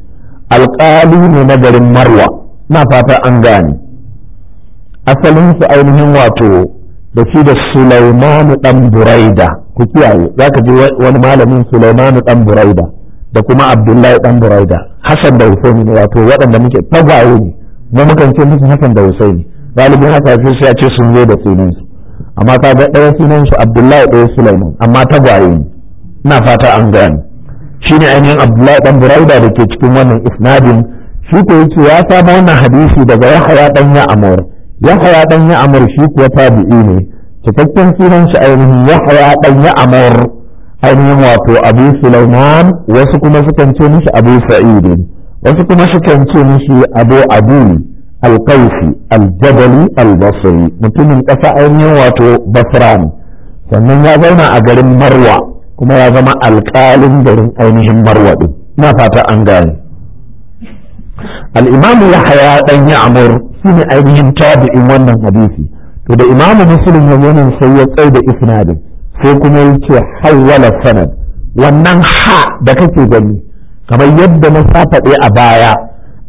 alƙali ne na garin marwa na fata an gane asalinsu ainihin wato da shi da sulaimanu ɗan buraida ku kiyaye za ka ji wani malamin sulaimanu ɗan buraida da kuma abdullahi ɗan buraida hasan da husaini ne wato waɗanda muke tagwaye ne mu mukan ce musu hasan da husaini galibin haka sai ce sun zo da sunansu amma ka ga ɗaya sunansu abdullahi ɗaya sulaiman amma tagwaye ne ina fata an gane shine ainihin abdullahi dan burauda da ke cikin wannan isnadin shi ko yace ya samu wannan hadisi daga yahaya dan ya'mur yahya dan amur shi kuwa tabi'i ne cikakken sunan shi ainihin yahya dan amur ainihin wato abu sulaiman wasu kuma sukan ce mishi abu sa'id wasu kuma sukan ce mishi abu abu alqaisi aljabali albasri mutumin kasa ainihin wato basran sannan ya zauna a garin marwa kuma ya zama alƙalin garin ainihin marwaɗi na fata an gane al'imamu ya haya ɗan ya amur su ne ainihin tabi'in wannan hadisi to da imamu musulun ya yanin sai ya tsaye da isnadin sai kuma ya ce hawala sanad wannan ha da kake gani kamar yadda na safaɗe a baya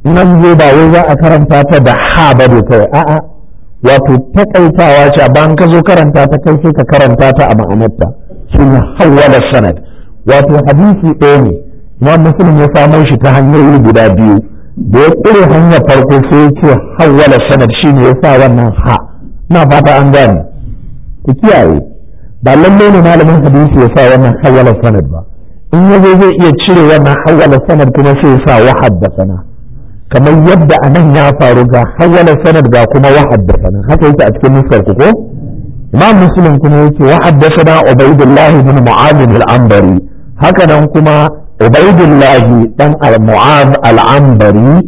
nan zo ba wai za a karanta ta da ha ba da kai a'a wato takaitawa ce ban ka zo karanta ta kai sai ka karanta ta a ma'anarta sun hawwala sanad wato hadisi ɗaya ne ma musulun ya samo shi ta yin guda biyu da ya ƙure hanyar farko sai ya ce hawwala sanad shi ne ya sa wannan ha na fata an gane ku kiyaye ba lalle ne malamin hadisi ya sa wannan hawwala sanad ba in ya zo zai iya cire wannan hawwala sanad kuma sai ya sa wahad da sana kamar yadda anan ya faru ga hawwala sanad ga kuma wahad da sana haka yake a cikin nusar ku ko imam muslim kuma yake wa haddathana ubaidullah ibn mu'adh al-anbari haka nan kuma ubaidullah dan al-mu'adh al-anbari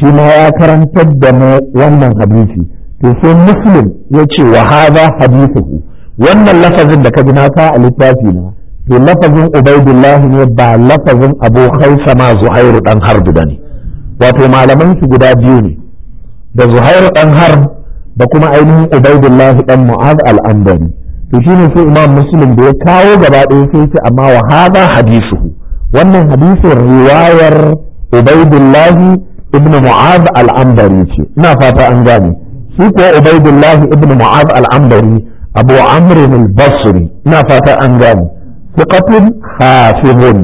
shi ma ya karantar da mu wannan hadisi to sai muslim yace wa hadha hadithuhu wannan lafazin da ka ji naka a littafi na to lafazin ubaidullah ne ba lafazin abu khaisama zuhairu dan harb bane wato malaman guda biyu ne da zuhairu dan harb da kuma ainihin ubaidullahi dan mu'az al-ambari to shine sai imam muslim da ya kawo gaba ɗaya sai ce amma wa hadha hadithu wannan hadisin riwayar ubaidullahi ibn mu'az al ce ina fata an gane shi ko ubaidullahi ibn mu'az al-ambari abu amr al-basri ina fata an gane thiqatun hafizun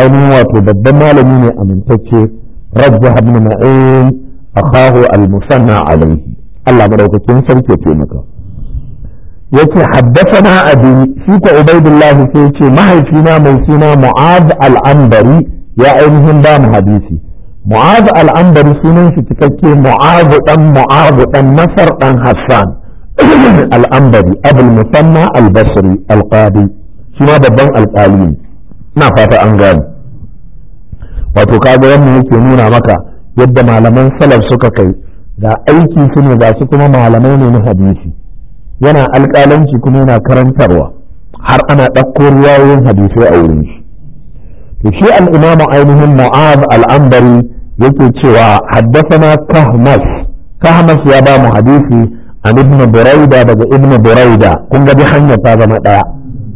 ainihin wato babban malami ne amintacce rajjah ibn mu'in akahu al-musanna Allah madaukakin sarki ya taimaka yace haddathana abi shi ko ubaidullahi sai yace mahaifina mai suna mu'az al'ambari ya ainihin ba mu hadisi mu'az al'ambari anbari sunan shi cikakke mu'az dan mu'az dan nasar dan hassan al-anbari abul musanna al babban alƙali ne ina fata an gane wato kaga wannan yake nuna maka yadda malaman salaf suka kai ga aiki su ne ga su kuma malamai ne na hadisi yana alƙalanci kuma yana karantarwa har ana ruwa yin hadisai a wurin shi to shi al-imamu ainihin mu'az al-ambari yake cewa haddathana kahmas kahmas ya ba mu hadisi an ibn buraida daga ibn buraida kun ga bi hanya ta zama daya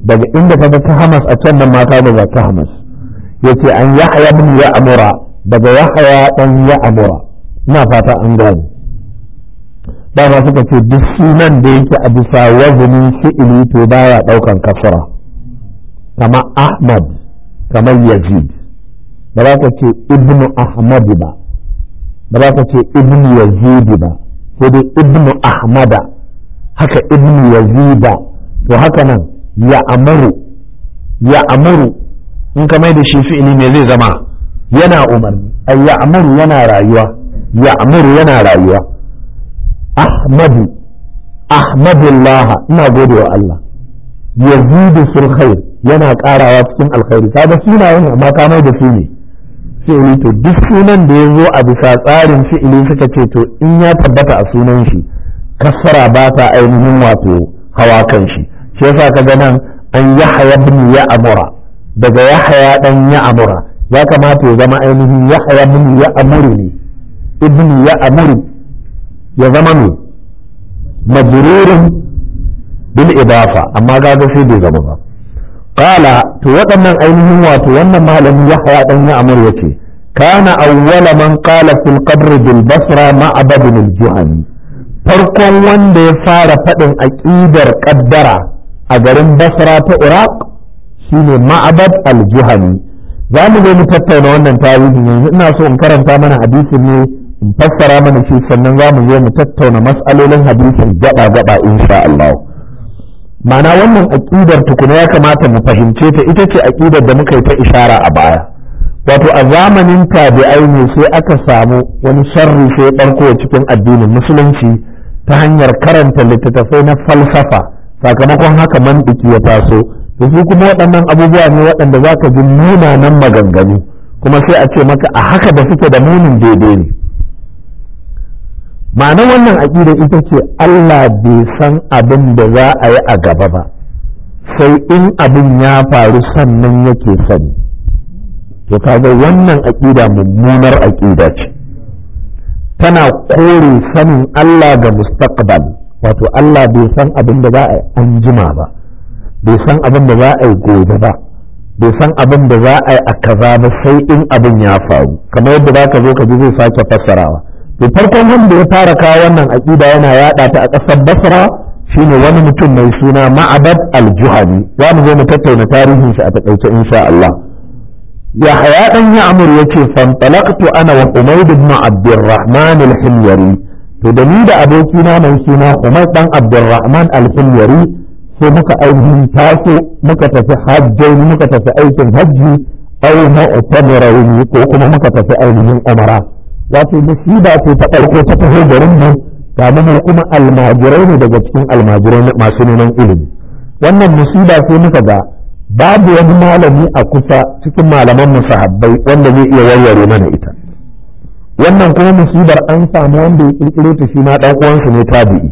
daga inda kaga kahmas a can nan mata da kahmas yace an yahya ibn ya'mura daga yahya dan ya'mura na fata an gane ma suka ce duk sunan da yake a bisa wazanin fi'ili to baya ɗaukan kasara kama ahmad kamar yazid ba za ka ce ibnu ahmad ba ba za ka ce ibnu yazid ba ko dai ibnu ahmada haka ibnu yazida to haka nan ya amaru ya amaru in ka da shi fi'ili me zai zama yana umarni ay ya yana rayuwa ya'mur yana rayuwa ahmadu ahmadullaha ina gode wa Allah yazidu fil khair yana karawa cikin alkhairi kaga sunayen amma ka mai da su ne to duk sunan da ya zo a bisa tsarin fi'ili suka ce to in ya tabbata a sunan shi kasara ba ta ainihin wato hawa kan shi shi yasa ka ga nan an yahaya bin ya'mura daga yahaya dan ya'mura ya kamata ya zama ainihin yahaya bin ya'muru ne ibni ya amuru ya zama ne majrurin bil idafa amma gaga sai bai zama ba qala to waɗannan ainihin wato wannan malamin ya haya dan ya amuru yace kana awwala man qala fil qabr bil basra ma abadun al juhani farkon wanda ya fara faɗin aqidar qaddara a garin basra ta iraq shine ma'abad al juhani za mu zo mu tattauna wannan tarihi yanzu ina so in karanta mana hadisi ne fassara mana shi sannan za mu zo mu tattauna mas'alolin hadisin gaba gaba insha Allah ma'ana wannan aqidar tukuna ya kamata mu fahimce ta ita ce aqidar da muka yi ta ishara a baya wato a zamanin tabi'ai ne sai aka samu wani sharri sai barko cikin addinin musulunci ta hanyar karanta littattafai na falsafa sakamakon haka mandiki ya taso da su kuma waɗannan abubuwa ne waɗanda za ka ji munanan maganganu kuma sai a ce maka a haka da suke da munin daidai ne ma'anar wannan aƙidar ita ce Allah bai san abin da za a yi a gaba ba sai in abin ya faru sannan yake sani to kaga wannan aƙida mummunar aƙida ce tana kore sanin Allah ga mustaqbal wato Allah bai san abin da za a yi an jima ba bai san abin da za a yi gobe ba bai san abin da za a yi a kaza ba sai in abin ya faru kamar yadda za ka zo ka ji zai sake fassarawa to farkon wanda ya fara kawo wannan aƙida yana yaɗa ta a ƙasar basra shine wani mutum mai suna ma'abad al-juhani za mu zo mu tattauna tarihin shi a takaice insha Allah ya haya dan ya amur yace fantalaqtu ana wa umayd ibn abdurrahman al-himyari to da ni da abokina mai suna umar dan abdurrahman al-himyari sai muka ainihin taso muka tafi hajjai muka tafi aikin hajji au mu'tamirayn ko kuma muka tafi ainihin umara wato musiba ce ta farko ta taho garin nan ga mu kuma almajirai ne daga cikin almajirai masu neman ilimi wannan musiba ce muka ga babu wani malami a kusa cikin malaman mu sahabbai wanda zai iya warware mana ita wannan kuma musibar an samu wanda ya kirkire ta shi ma dan uwansu ne tabi'i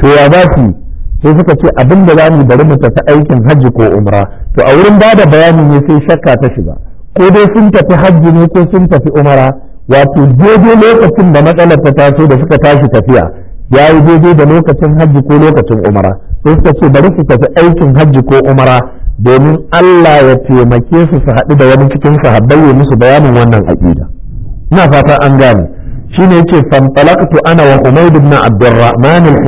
to ya za su sai suka ce abin da mu bari mu tafi aikin hajji ko umra to a wurin bada bayani ne sai shakka ta shiga ko dai sun tafi hajji ne ko sun tafi umara wato daidai lokacin da matsalar ta taso da suka tashi tafiya ya yi daidai da lokacin hajji ko lokacin umara sai suka ce bari su tafi aikin hajji ko umara domin Allah ya taimake su su haɗu da wani cikin sahabbai ya musu bayanin wannan aƙida ina fata an gane shine yake fantalaqtu ana wa Umayd ibn Abdurrahman al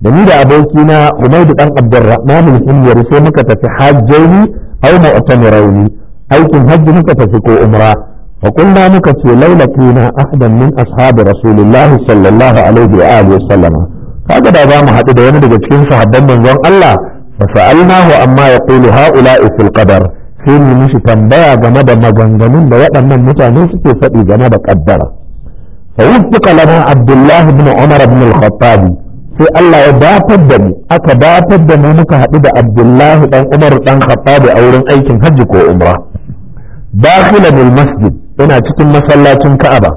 da ni da abokina Umayd dan Abdurrahman al-Himyari sai muka tafi hajjaini aw mu'tamiraini aikin hajji muka tafi ko umra fa kunna muka ce laula kuna ahadan min ashabi rasulillahi sallallahu alaihi wa alihi wa sallama kaga da zamu haɗu da wani daga cikin sahabban manzon Allah fa sa'alnahu amma yaqulu haula'i fil qadar sai mu mishi tambaya game da maganganun da waɗannan mutane suke faɗi game da kaddara fa wuffiqa lana abdullah ibn umar ibn al-khattab sai Allah ya dafar da mu aka dafar da mu muka haɗu da abdullahi dan umar dan khattab a wurin aikin hajji ko umra dakila bil masjid yana cikin masallacin ka'aba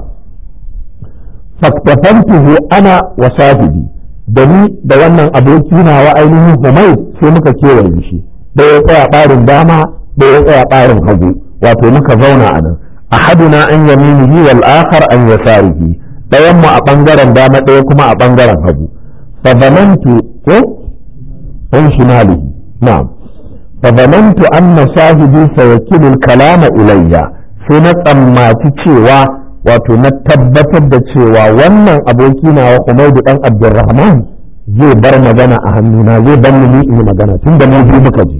faktafantuhu ana wa sahibi da ni da wannan aboki nawa ainihin mai sai muka kewaye shi da ya tsaya barin dama da ya tsaya barin hagu wato muka zauna a nan ahaduna an yaminihi wal akhar an yasarihi dayan mu a bangaren dama ɗaya kuma a bangaren hagu fa zamantu ko an shimalihi na'am fabanantu anna sahibi sayakilu kalama ilayya sai na tsammaci cewa wato na tabbatar da cewa wannan aboki na wa Humaidu dan Abdurrahman zai bar magana a hannuna zai bar ni in magana tunda mu biyu muka je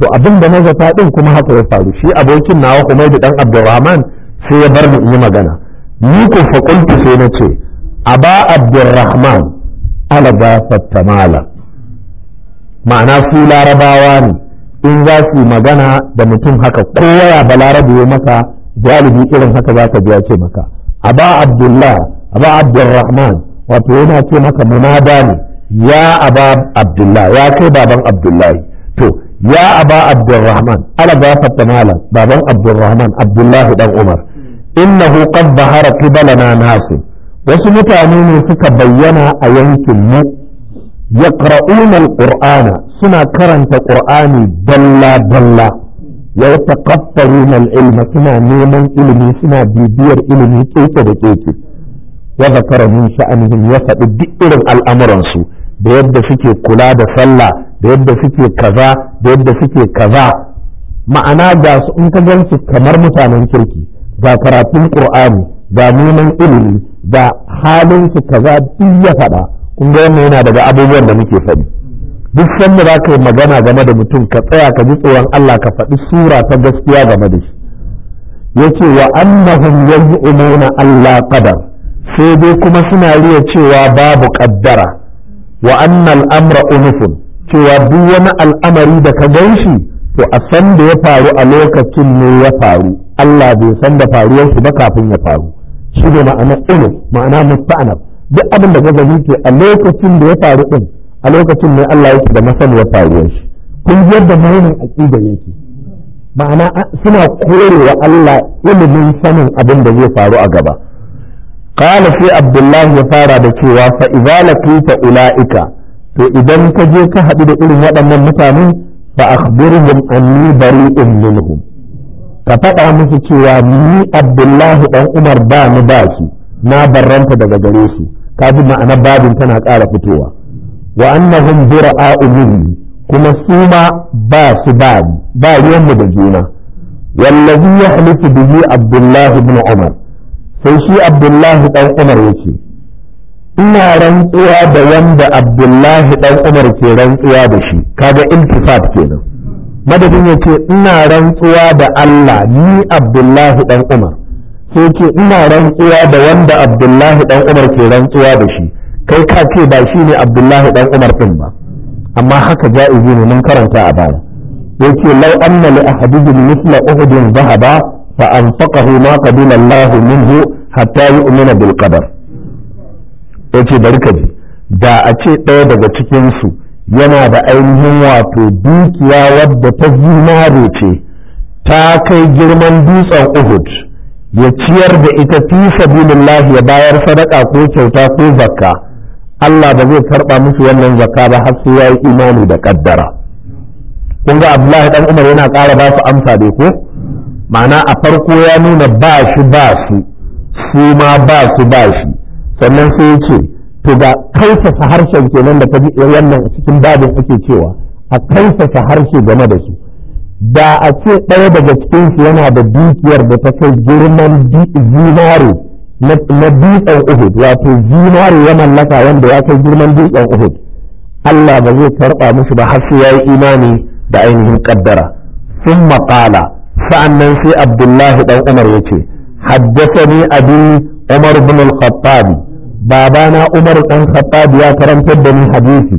to abinda na zata ɗin kuma haka ya faru shi abokin nawa Humaidu dan Abdurrahman sai ya bar ni in yi magana ni ko fa sai na ce aba Abdurrahman ala ba fattamala ma'ana su larabawa ne in za su magana da mutum haka kowa ya balarabu ya masa galibi irin haka za ka ji ya ce maka aba abdullah aba abdurrahman wato yana ce maka munada ne ya aba abdullah ya kai baban abdullahi to ya aba abdurrahman ala gafarta malam baban abdurrahman abdullahi dan umar innahu qad bahara qibalana nasu wasu mutane ne suka bayyana a yankin mu yaqra'una al-qur'ana suna karanta qur'ani dalla dalla wa yataqaffaruna ilma suna neman ilimi suna bibiyar ilimi keke da keke wa zakara min ya faɗi duk irin al'amuransu da yadda suke kula da sallah da yadda suke kaza da yadda suke kaza ma'ana ga su in ka gansu kamar mutanen kirki ga karatun qur'ani ga neman ilimi ga halin su kaza duk ya faɗa kun ga wannan yana daga abubuwan da muke faɗi duk sanda za ka yi magana game da mutum ka tsaya ka ji tsoron Allah ka faɗi sura ta gaskiya game da shi yace wa annahum yaz'umuna Allah qadar sai dai kuma suna riya cewa babu qaddara wa annal amra unufun cewa duk wani al'amari da ka ganshi to a san da ya faru a lokacin ne ya faru Allah bai san da faruwar shi ba kafin ya faru shi ne ma'ana ilu ma'ana musta'nab duk abin da gazali ke a lokacin da ya faru din a lokacin ne Allah yake da masaniyar faruwar shi kun ji yadda muhimmin aqida yake ma'ana suna korewa Allah ilimin sanin abin da zai faru a gaba abdullahi ya fara da cewa fa فإذا ta ula'ika to idan ka je ka haɗu da irin waɗannan mutane fa akhbirhum anni bari'un minhum ka faɗa musu cewa ni Abdullahi dan Umar ba ni ba su na barranta daga gare su ka ma'ana ma'anar babin tana ƙara fitowa wa annahum bura'a'u minni kuma su ma ba su ba ba ruwanmu da juna wallazi ya halittu bihi abdullahi ibn umar sai shi abdullahi dan umar yake ina rantsuwa da wanda abdullahi dan umar ke rantsuwa da shi kaga iltifat kenan madadin yace ina rantsuwa da Allah ni abdullahi dan umar sai ce ina rantsuwa da wanda abdullahi dan umar ke rantsuwa da shi kai ka ce ba shi ne abdullahi dan umar din ba amma haka ja'izi ne mun karanta a baya yace lau anna li ahadihim mithla uhudin dhahaba fa anfaqahu ma qadima Allah minhu hatta yu'mina bil qadar yace bari ka ji da a ce ɗaya daga cikin su yana da ainihin wato dukiya wadda ta zinare ce ta kai girman dutsen Uhud ya ciyar da ita fi sabilillah ya bayar sadaka ko kyauta ko zakka Allah ba zai karba musu wannan zakka ba har sai yi imani da kaddara kun ga Abdullahi dan Umar yana ƙara ba su amsa dai ko ma'ana a farko ya nuna ba shi ba shi su ma ba su ba shi sannan sai ya ce to ga kaifasa harshen kenan da ta ji wannan cikin babin ake cewa a kaifasa harshe game da su da a ce ɗaya daga cikin yana da dukiyar da ta kai girman zinare na dutsen uhud wato zinare ya mallaka wanda ya kai girman dutsen uhud Allah ba zai karɓa musu ba har sai ya yi imani da ainihin kaddara sun maƙala sa'annan sai abdullahi ɗan umar ya ce haddasani abi umar bin al babana umar ɗan khattabi ya karantar da ni hadisi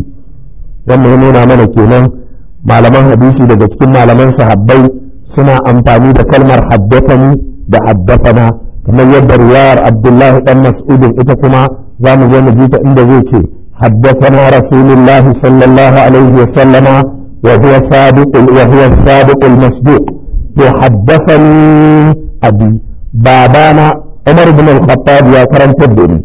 wannan ya nuna mana kenan malaman hadisi daga cikin malaman sahabbai suna amfani da kalmar haddatani da haddatana kamar yadda riwayar abdullahi dan mas'udin ita kuma za mu je mu ji ta inda zai ce haddatana rasulullah sallallahu alaihi wa sallama wa huwa sadiq wa huwa sadiq al-masduq to haddathani abi babana umar ibn al-khattab ya karantar da ni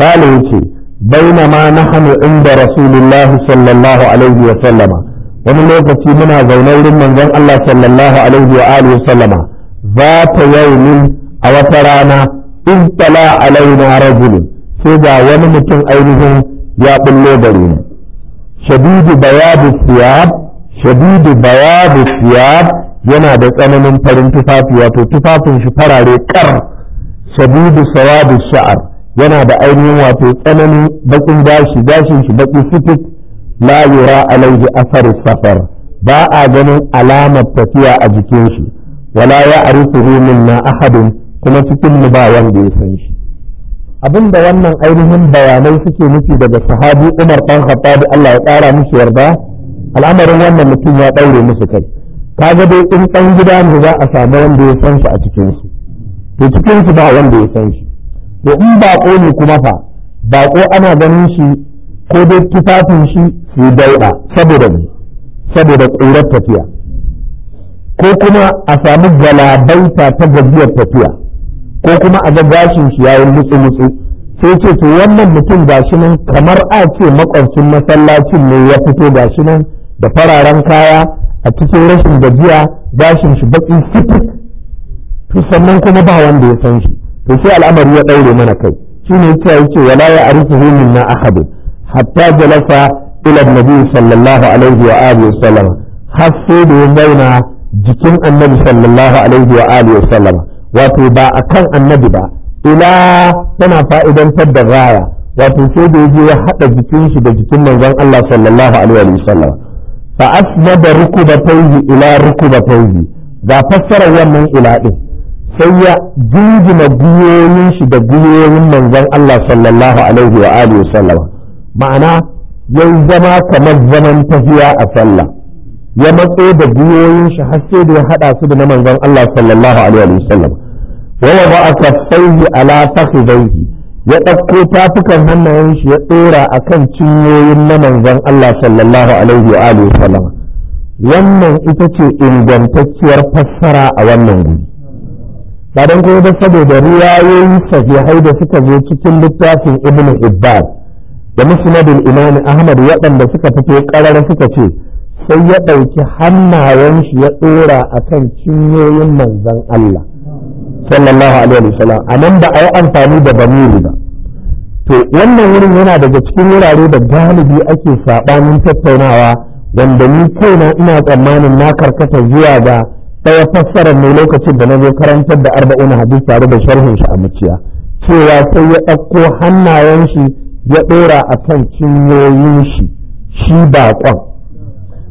qala yace bainama nahnu inda rasulullah sallallahu alaihi wa sallama wani lokaci muna zaune wurin manzon Allah sallallahu alaihi wa alihi sallama za ta yaumin a wata rana in tala alaina rajul sai ga wani mutum ainihin ya bullo gare ni shadidu bayadu siyab shadidu bayadu siyab yana da tsananin farin tufafi wato tufafin shi farare kar shadidu sawadu sha'ar yana da ainihin wato tsananin bakin gashi gashin shi baki fitit. la yura alaihi asaru safar ba a ganin alamar tafiya a jikin shi wala ya arifuhu na ahadin kuma cikin mu ba wanda ya san shi abin da wannan ainihin bayanai suke nufi daga sahabi Umar dan Khattab Allah ya kara musu yarda al'amarin wannan mutum ya ɗaure musu kai kaga dai in dan gida ne za a samu wanda ya san shi a cikin su to cikin su ba wanda ya san shi to in baƙo ne kuma fa baƙo ana ganin shi ko dai tufafin shi su dauɗa saboda me saboda ƙurar tafiya ko kuma a samu galabaita ta gajiyar tafiya ko kuma a ga gashin shi yayin mutsu mutsu sai ce to wannan mutum gashi nan kamar a ce makwabcin masallacin ne ya fito gashi nan da fararen kaya a cikin rashin gajiya gashin shi baki fitik to sannan kuma ba wanda ya san shi to sai al'amari ya ɗaure mana kai shine yake yake wala ya arifu min na ahadin hatta jalasa ila annabi sallallahu alaihi wa alihi wasallam har sai da ya zauna jikin annabi sallallahu alaihi wa alihi wasallam wato ba akan annabi ba ila tana fa'idantar da raya wato sai da ya je ya haɗa jikin shi da jikin manzon Allah sallallahu alaihi wa sallam fa asnada rukubatayhi ila rukubatayhi ga fassarar wannan ila ɗin sai ya jingina guyoyin shi da guyoyin manzon Allah wa ma'ana ya zama kamar zaman tafiya a sallah ya matso da biyoyin shi har sai da ya hada su da na manzon Allah sallallahu alaihi wa sallam wa wada'a kaffaihi ala fakhidaihi ya ɗauko tafukan hannayen shi ya ɗora akan cinyoyin na manzon Allah sallallahu alaihi wa alihi wannan ita ce ingantacciyar fassara a wannan guri ba dan kuma ba saboda riwayoyi sahihai da suka zo cikin littafin ibnu ibad. da musnadin imani ahmad waɗanda suka fito ƙarar suka ce sai ya ɗauki hannayen shi ya ɗora kan cinyoyin manzon Allah sallallahu alaihi wa sallam a nan ba a yi amfani da bamiri ba to wannan wurin yana daga cikin wurare da galibi ake saɓanin tattaunawa wanda ni kaina ina tsammanin na karkata zuwa ga ɗaya fassarar mai lokacin da na zo karantar da arba'in hadis tare da sharhin shi a muciya cewa sai ya ɗauko hannayen shi ya ɗora a kan cinyoyin shi shi baƙon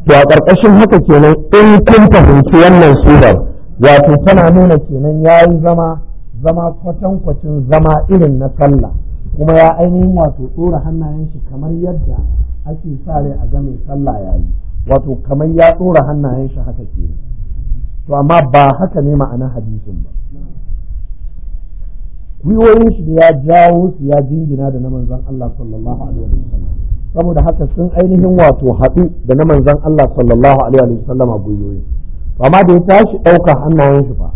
to a ƙarƙashin haka kenan in kun fahimci wannan surar wato tana nuna kenan ya yi zama zama kwatankwacin zama irin na sallah kuma ya ainihin wato ɗora hannayen shi kamar yadda ake sa rai a game sallah ya yi wato kamar ya ɗora hannayen shi haka kenan to amma ba haka ne ma'anar hadisin ba gwiwoyin shi ya jawo su ya jingina da na manzan Allah sallallahu alaihi sallam saboda haka sun ainihin wato haɗu da na manzan Allah sallallahu alaihi wasallama gwiwoyi amma da ya tashi ɗauka hannayen shi fa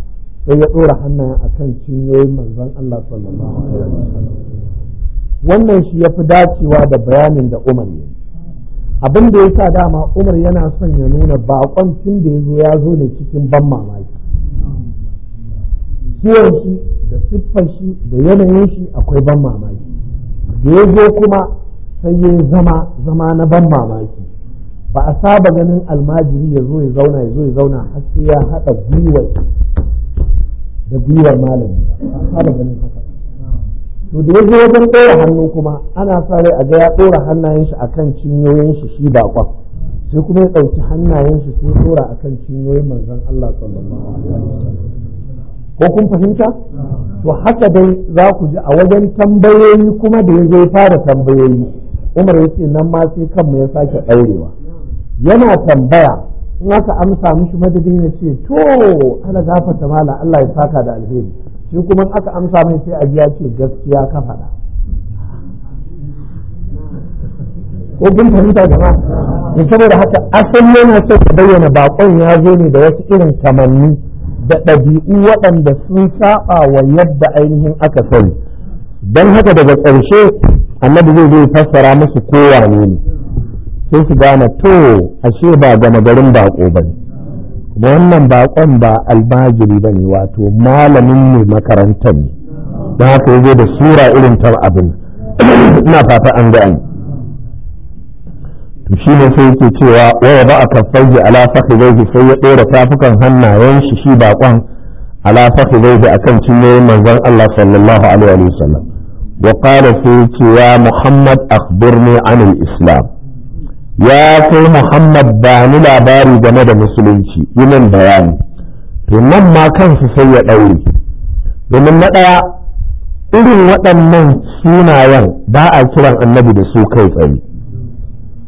sai ya ɗora hannayen akan cinyoyin manzan Allah sallallahu alaihi wannan shi ya fi dacewa da bayanin da Umar ya abin da ya sa dama Umar yana son ya nuna baƙon tun da ya zo ya zo ne cikin ban mamaki kiwon shi da siffar shi da yanayin shi akwai ban mamaki da ya zo kuma sai ya zama zama na ban mamaki ba a saba ganin almajiri ya zo ya zauna ya zo ya zauna har sai ya haɗa gwiwar da gwiwar malami ba a saba ganin haka to da ya zo wajen ɗora hannu kuma ana sa rai a ga ya ɗora hannayen shi a akan cinyoyin shi shi baƙon sai kuma ya ɗauki hannayen shi sai ɗora a akan cinyoyin manzon Allah sallallahu alaihi sallam ko kun fahimta to haka dai za ku ji a wajen tambayoyi kuma da ya zo fara tambayoyi umar ya ce nan ma sai kanmu ya sake ɗaurewa yana tambaya in aka amsa mishi madadin ya ce to ana gafata mala Allah ya saka da alheri shi kuma in aka amsa mai sai a ce gaskiya ka faɗa ko kun fahimta jama'a saboda haka asali yana so ka bayyana bakon ya zo ne da wasu irin kamanni da ɗabi'u waɗanda sun saba wa yadda ainihin aka sani don haka daga ƙarshe annabi zai zai fassara musu kowa ne sai su gane to ashe ba gama garin baƙo ba ne wannan baƙon ba albajiri ba ne wato malamin ne makarantar ne don haka ya zo da sura irin tar abin ina fata an shi ne sai yake cewa waya ba a kafai ala fakhidaihi sai ya ɗora tafukan hannayen shi shi baƙon a fakhidaihi akan cinyoyin manzon Allah sallallahu alaihi wa sallam wa qala sai yake ya Muhammad akhbirni anil islam ya kai Muhammad ba ni labari game da musulunci yinin bayani to nan ma kansu sai ya ɗaure domin na ɗaya irin waɗannan sunayen ba a kiran annabi da su kai tsaye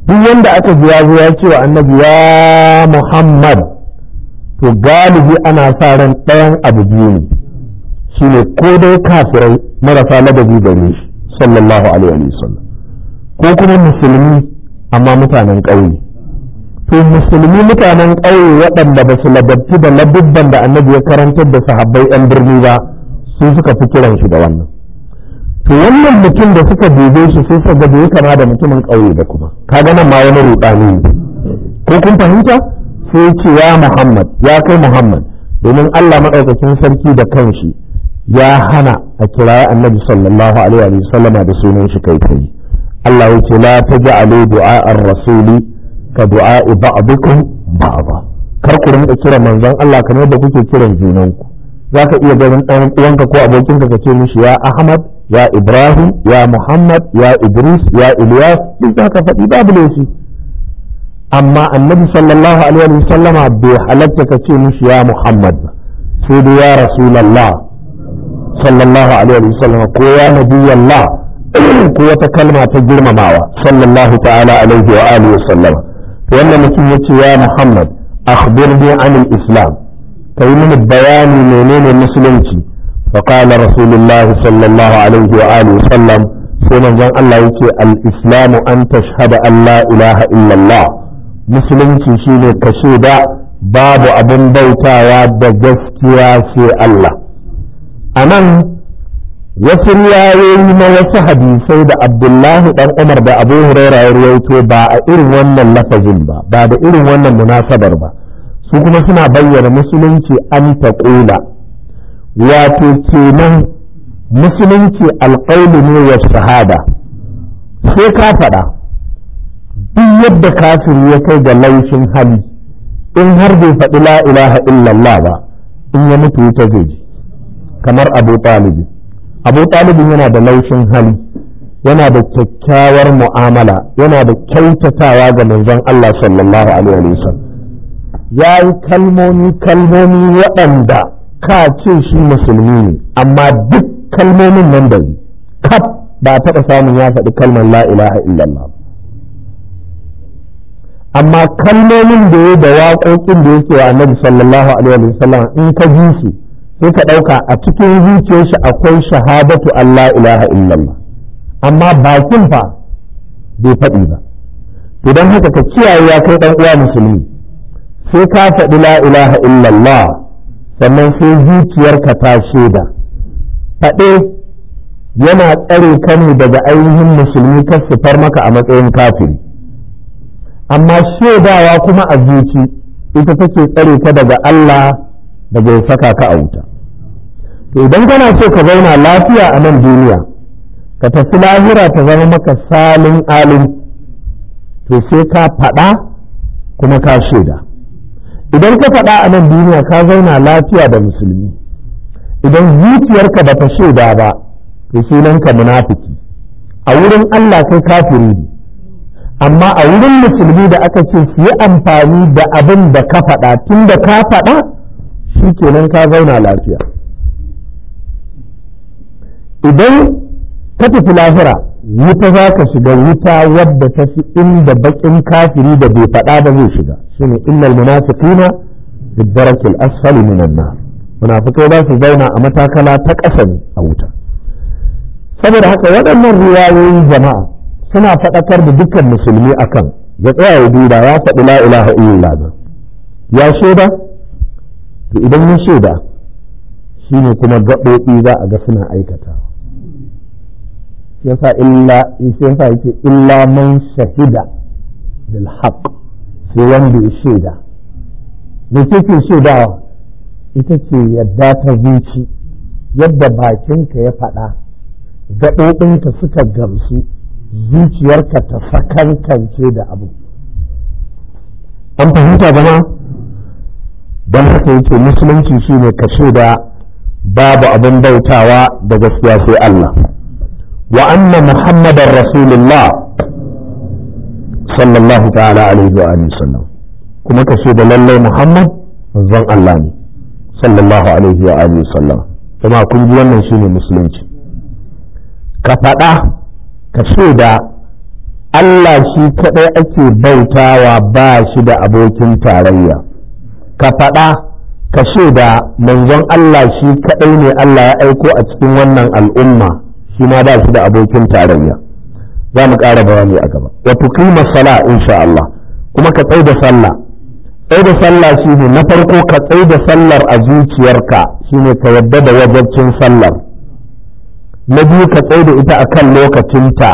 duk wanda aka zuwa-zuwa cewa ya ce wa annabi ya muhammad to galibi ana sa ran ɗayan abu biyu ne shi ne ko dai kafirai marasa ladabi gare shi sallallahu alaihi wa sallam ko kuma musulmi amma mutanen ƙauye to musulmi mutanen ƙauye waɗanda ba su ladabci da ladubban da annabi ya karantar da sahabbai 'yan birni ba sun suka fi kiransu shi da wannan to wannan mutum da suka dube shi sun sa gado ya kama da mutumin ƙauye da kuma Ka gana ma wani ruɗani ne ko kun fahimta sai ce ya Muhammad ya kai Muhammad domin Allah maɗaukacin sarki da kanshi ya hana a kira annabi sallallahu alaihi wa sallama da sunan shi kai tsaye Allah ya ce la taj'alu du'a an rasuli ka du'a ba'dukum ba kar ku rinka kira manzon Allah kamar da kuke kiran junanku ka iya ganin ɗan uwanka ko abokinka ka ce mishi ya Ahmad ya ibrahim ya muhammad ya idris ya ilyas duk da ka faɗi babu laifi amma annabi sallallahu alaihi wa sallama bai halatta ka ce mishi ya muhammad ba sai dai ya rasulallah sallallahu alaihi wa sallama ko ya nabiyallah ko wata kalma ta girmamawa sallallahu ta'ala alaihi wa alihi wa sallama to wannan mutum yace ya muhammad akhbirni islam kai mini bayani menene musulunci فقال رسول الله صلى الله عليه وآله وسلم سيما جان الله يكي الإسلام أن تشهد أن لا إله إلا الله مسلم تشيني كشيدا باب أبن بوتا واد جسكيا في الله أمن wasu riwayoyi na wasu hadisai da abdullahi dan umar da abu huraira ya rawaito ba a irin wannan lafazin ba ba da irin wannan munasabar ba su kuma suna bayyana musulunci an taƙula wato kenan musulunci alƙaulu ne wa shahada sai ka faɗa duk yadda kafiri ya kai ga laushin hali in har bai faɗi la ilaha illallah ba in ya mutu ta zai kamar abu talibi abu talibin yana da laushin hali yana da kyakkyawar mu'amala yana da kyautatawa ga manzon Allah sallallahu alaihi wasallam ya yi kalmomi kalmomi waɗanda ka ce shi musulmi ne amma duk kalmomin nan da kaf ba taɓa samun ya faɗi kalmar la ilaha illallah amma kalmomin da ya da waƙoƙin da yake wa annabi sallallahu alaihi wasallam in ka ji su sai ka ɗauka a cikin zuciyar shi akwai shahadatu Allah ilaha illallah amma bakin fa bai faɗi ba to don haka ka kiyaye ya kai ɗan uwa musulmi sai ka faɗi la ilaha illallah sannan sai zuciyarka ta shaida faɗe yana tsare ka ne daga ainihin musulmi kar su maka a matsayin kafiri amma shaidawa kuma a zuci ita take tsare ka daga Allah daga ya saka ka a wuta to idan kana so ka zauna lafiya a nan duniya ka tafi lahira ta zama maka salin alin to sai ka faɗa kuma ka shaida idan ka faɗa a nan duniya ka zauna lafiya da musulmi idan zuciyarka ba ta shaida ba to sunanka munafiki a wurin Allah kai kafiri ne amma a wurin musulmi da aka ce su yi amfani da abin da ka faɗa tun da ka faɗa shi kenan ka zauna lafiya idan ka tafi lahira wuta za ka shiga wuta wadda ta fi inda bakin kafiri da bai faɗa ba zai shiga shine innal munafiqina fi darakil asfali minan nar munafikai ba su zauna a matakala ta ƙasa ne a wuta saboda haka waɗannan riwayoyin jama'a suna faɗakar da dukkan musulmi akan ya tsaya ya duba ya faɗi la ilaha illallah ba ya shaida to idan ya shaida shine kuma gaɓoɓi za a ga suna aikatawa yasa illa shi yasa yake illa man shahida bil haqq sai wanda ya shaida me kike shaidawa ita ce yadda ta zuci yadda bakinka ya faɗa gaɓoɓinka suka gamsu zuciyarka ta sakankance da abu an fahimta bana don haka yake musulunci shine ka shaida babu abin bautawa da gaskiya sai Allah wa anna muhammadar rasulullah sallallahu alaihi wa sallam kuma ka da lallai muhammad manzon Allah ne sallallahu alaihi wa alihi sallam kuma kun shine musulunci ka faɗa ka da Allah shi kaɗai ake bautawa ba shi da abokin tarayya ka faɗa ka da manzon Allah shi kaɗai ne Allah ya aiko a cikin wannan al'umma shi ma ba shi da abokin tarayya za mu ƙara bayani a gaba wa tuqima sala insha Allah kuma ka tsaida sallah tsaida sallah shine na farko ka tsaida sallar a zuciyarka shine ka yadda da wajabcin sallar na biyu ka tsaida ita akan lokacinta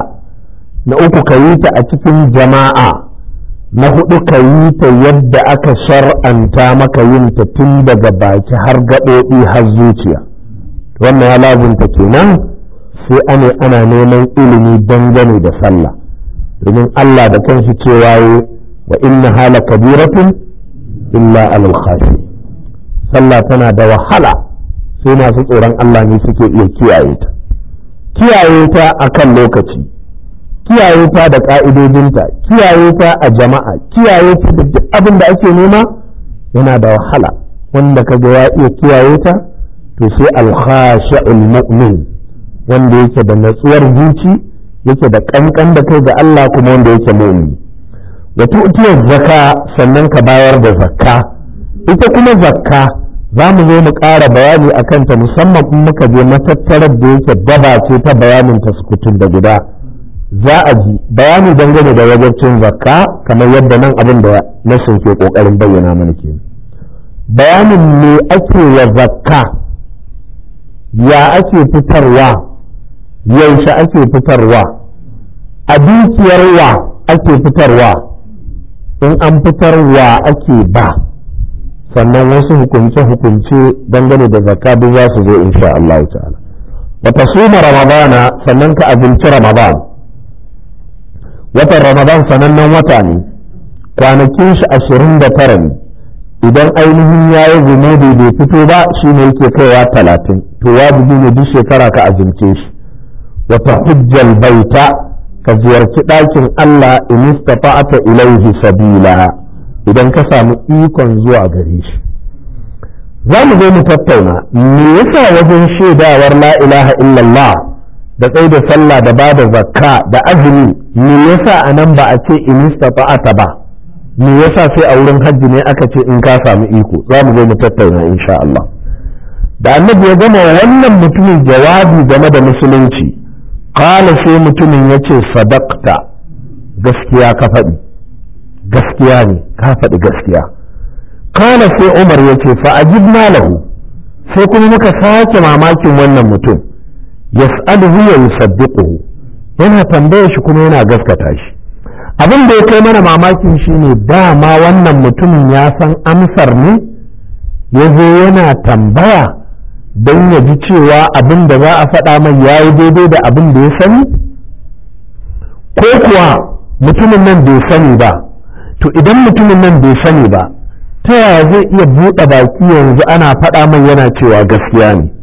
na uku ka yi ta a cikin jama'a na hudu ka yi ta yadda aka shar'anta maka yin ta tun daga baki har gaɗoɗi har zuciya wannan ya lazunta kenan sai ane ana neman ilimi dangane da sallah domin Allah da kansu cewa waye wa inna hala kabiratun illa al khashi sallah tana da wahala sai masu tsoron Allah ne suke iya kiyaye ta kiyaye ta akan lokaci kiyaye ta da ƙa'idodinta kiyaye ta a jama'a kiyaye ta da duk abin da ake nema yana da wahala wanda ka ga ya iya kiyaye ta to sai alkhashi'ul mu'min wanda yake da natsuwar zuci yake da ƙanƙan da kai ga Allah kuma wanda yake mu'mini wa tu'tiyaz zaka sannan ka bayar da zakka ita kuma zakka za mu zo mu ƙara bayani a kanta musamman in muka je matattarar da yake daba ce ta bayanin ta sukutun da guda za a ji bayani dangane da wajen zakka kamar yadda nan abin da na ke ƙoƙarin bayyana mana ke bayanin me ake ya zakka ya ake fitarwa yaushe ake fitarwa a dukiyar wa ake fitarwa in an fitarwa ake ba sannan wasu hukunce-hukunce dangane da zakka duk za su zo insha Allah ta'ala wata suma ramadana sannan ka abinci ramadan watan ramadan sanannen wata ne kwanakin shi ashirin da tara ne idan ainihin ya yi zunubi bai fito ba shi ne yake kaiwa talatin to wajibi ne duk shekara ka azumce shi wa tahujjal baita ka ziyarci ɗakin Allah in istata'ta ilaihi sabila idan ka samu ikon zuwa gare shi za mu zo mu tattauna me yasa wajen shaidawar la ilaha illallah da tsaye da sallah da ba da zakka da azumi me yasa a nan ba a ce in istata'ata ba me yasa sai a wurin hajji ne aka ce in ka samu iko za mu zo mu tattauna insha Allah da annabi ya gama wannan mutumin jawabi game da musulunci kala sai mutumin ya ce sadakta gaskiya ka faɗi gaskiya ne ka faɗi gaskiya kala sai umar yace fa ajibna lahu sai kuma muka sake mamakin wannan mutum yas'aluhu yi yusaddiquhu yana tambayar shi kuma yana gaskata shi abin da ya kai mana mamakin shi shine dama wannan mutumin ya san amsar ne ya zo yana tambaya don ya ji cewa abin da za a faɗa mai ya yi daidai da abin da ya sani ko kuwa mutumin nan bai sani ba to idan mutumin nan bai sani ba ta yaya zai iya buɗe baki yanzu ana faɗa mai yana cewa gaskiya ne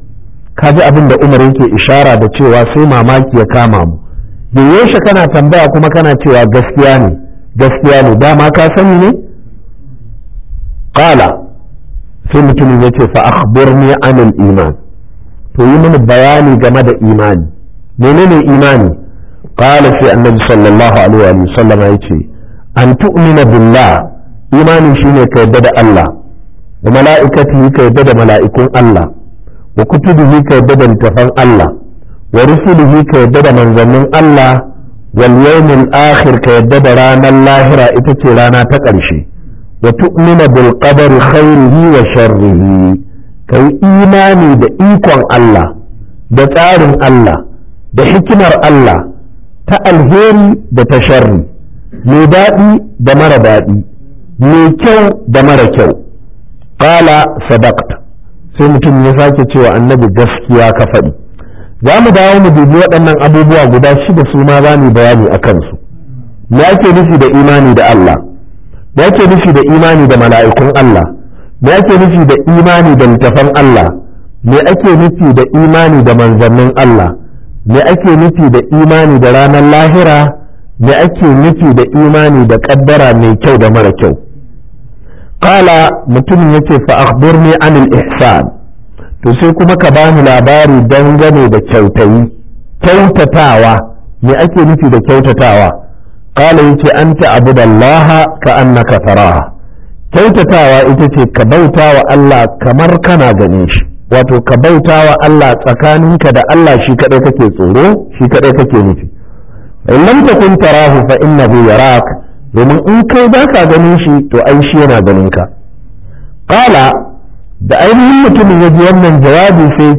ka ji abin da umar yake ishara da cewa sai mamaki ya kama mu da yaushe kana tambaya kuma kana cewa gaskiya ne gaskiya ne dama ka sani ne sai mutumin ya ce fa akhbirni anil iman to yi mini bayani game da imani menene imani qala sai annabi sallallahu alaihi wa sallam ce an tu'mina billah imani shine ka yadda da Allah wa mala'ikatihi ka yadda da mala'ikun Allah wa kutubihi ka yadda da littafan Allah wa rusulihi ka yadda da manzannin Allah wal yawmil akhir ka yadda da ranar lahira ita ce rana ta ƙarshe wa tu'mina bil qadari khairihi wa sharrihi kai imani da ikon Allah da tsarin Allah da hikimar Allah ta alheri da ta sharri mai daɗi da mara daɗi mai kyau da mara kyau qala sadaqta sai mutum ya sake cewa annabi gaskiya ka faɗi za mu dawo mu dubi waɗannan abubuwa guda shida su ma za mu bayani a kansu me ake nufi da imani da Allah me ake nufi da imani da mala'ikun Allah me ake nufi da imani da littafan Allah me ake nufi da imani da manzannin Allah me ake nufi da imani da ranar lahira me ake nufi da imani da kaddara mai kyau da mara kyau kala mutumin yace fa akhbirni anil ihsan to sai kuma ka bani labari dangane da kyautayi kyautatawa me ake nufi da kyautatawa qala yace anta abudallaha ka annaka taraha kyautatawa ita ce ka bauta wa Allah kamar kana ganin wato ka bauta wa Allah tsakaninka da Allah shi kadai kake tsoro shi kadai kake nufi in lam takun tarahu fa innahu yarak domin in kai ba ka ganin shi to ai shi yana ganin ka qala da ainihin mutumin ya ji wannan jawabi sai ya ce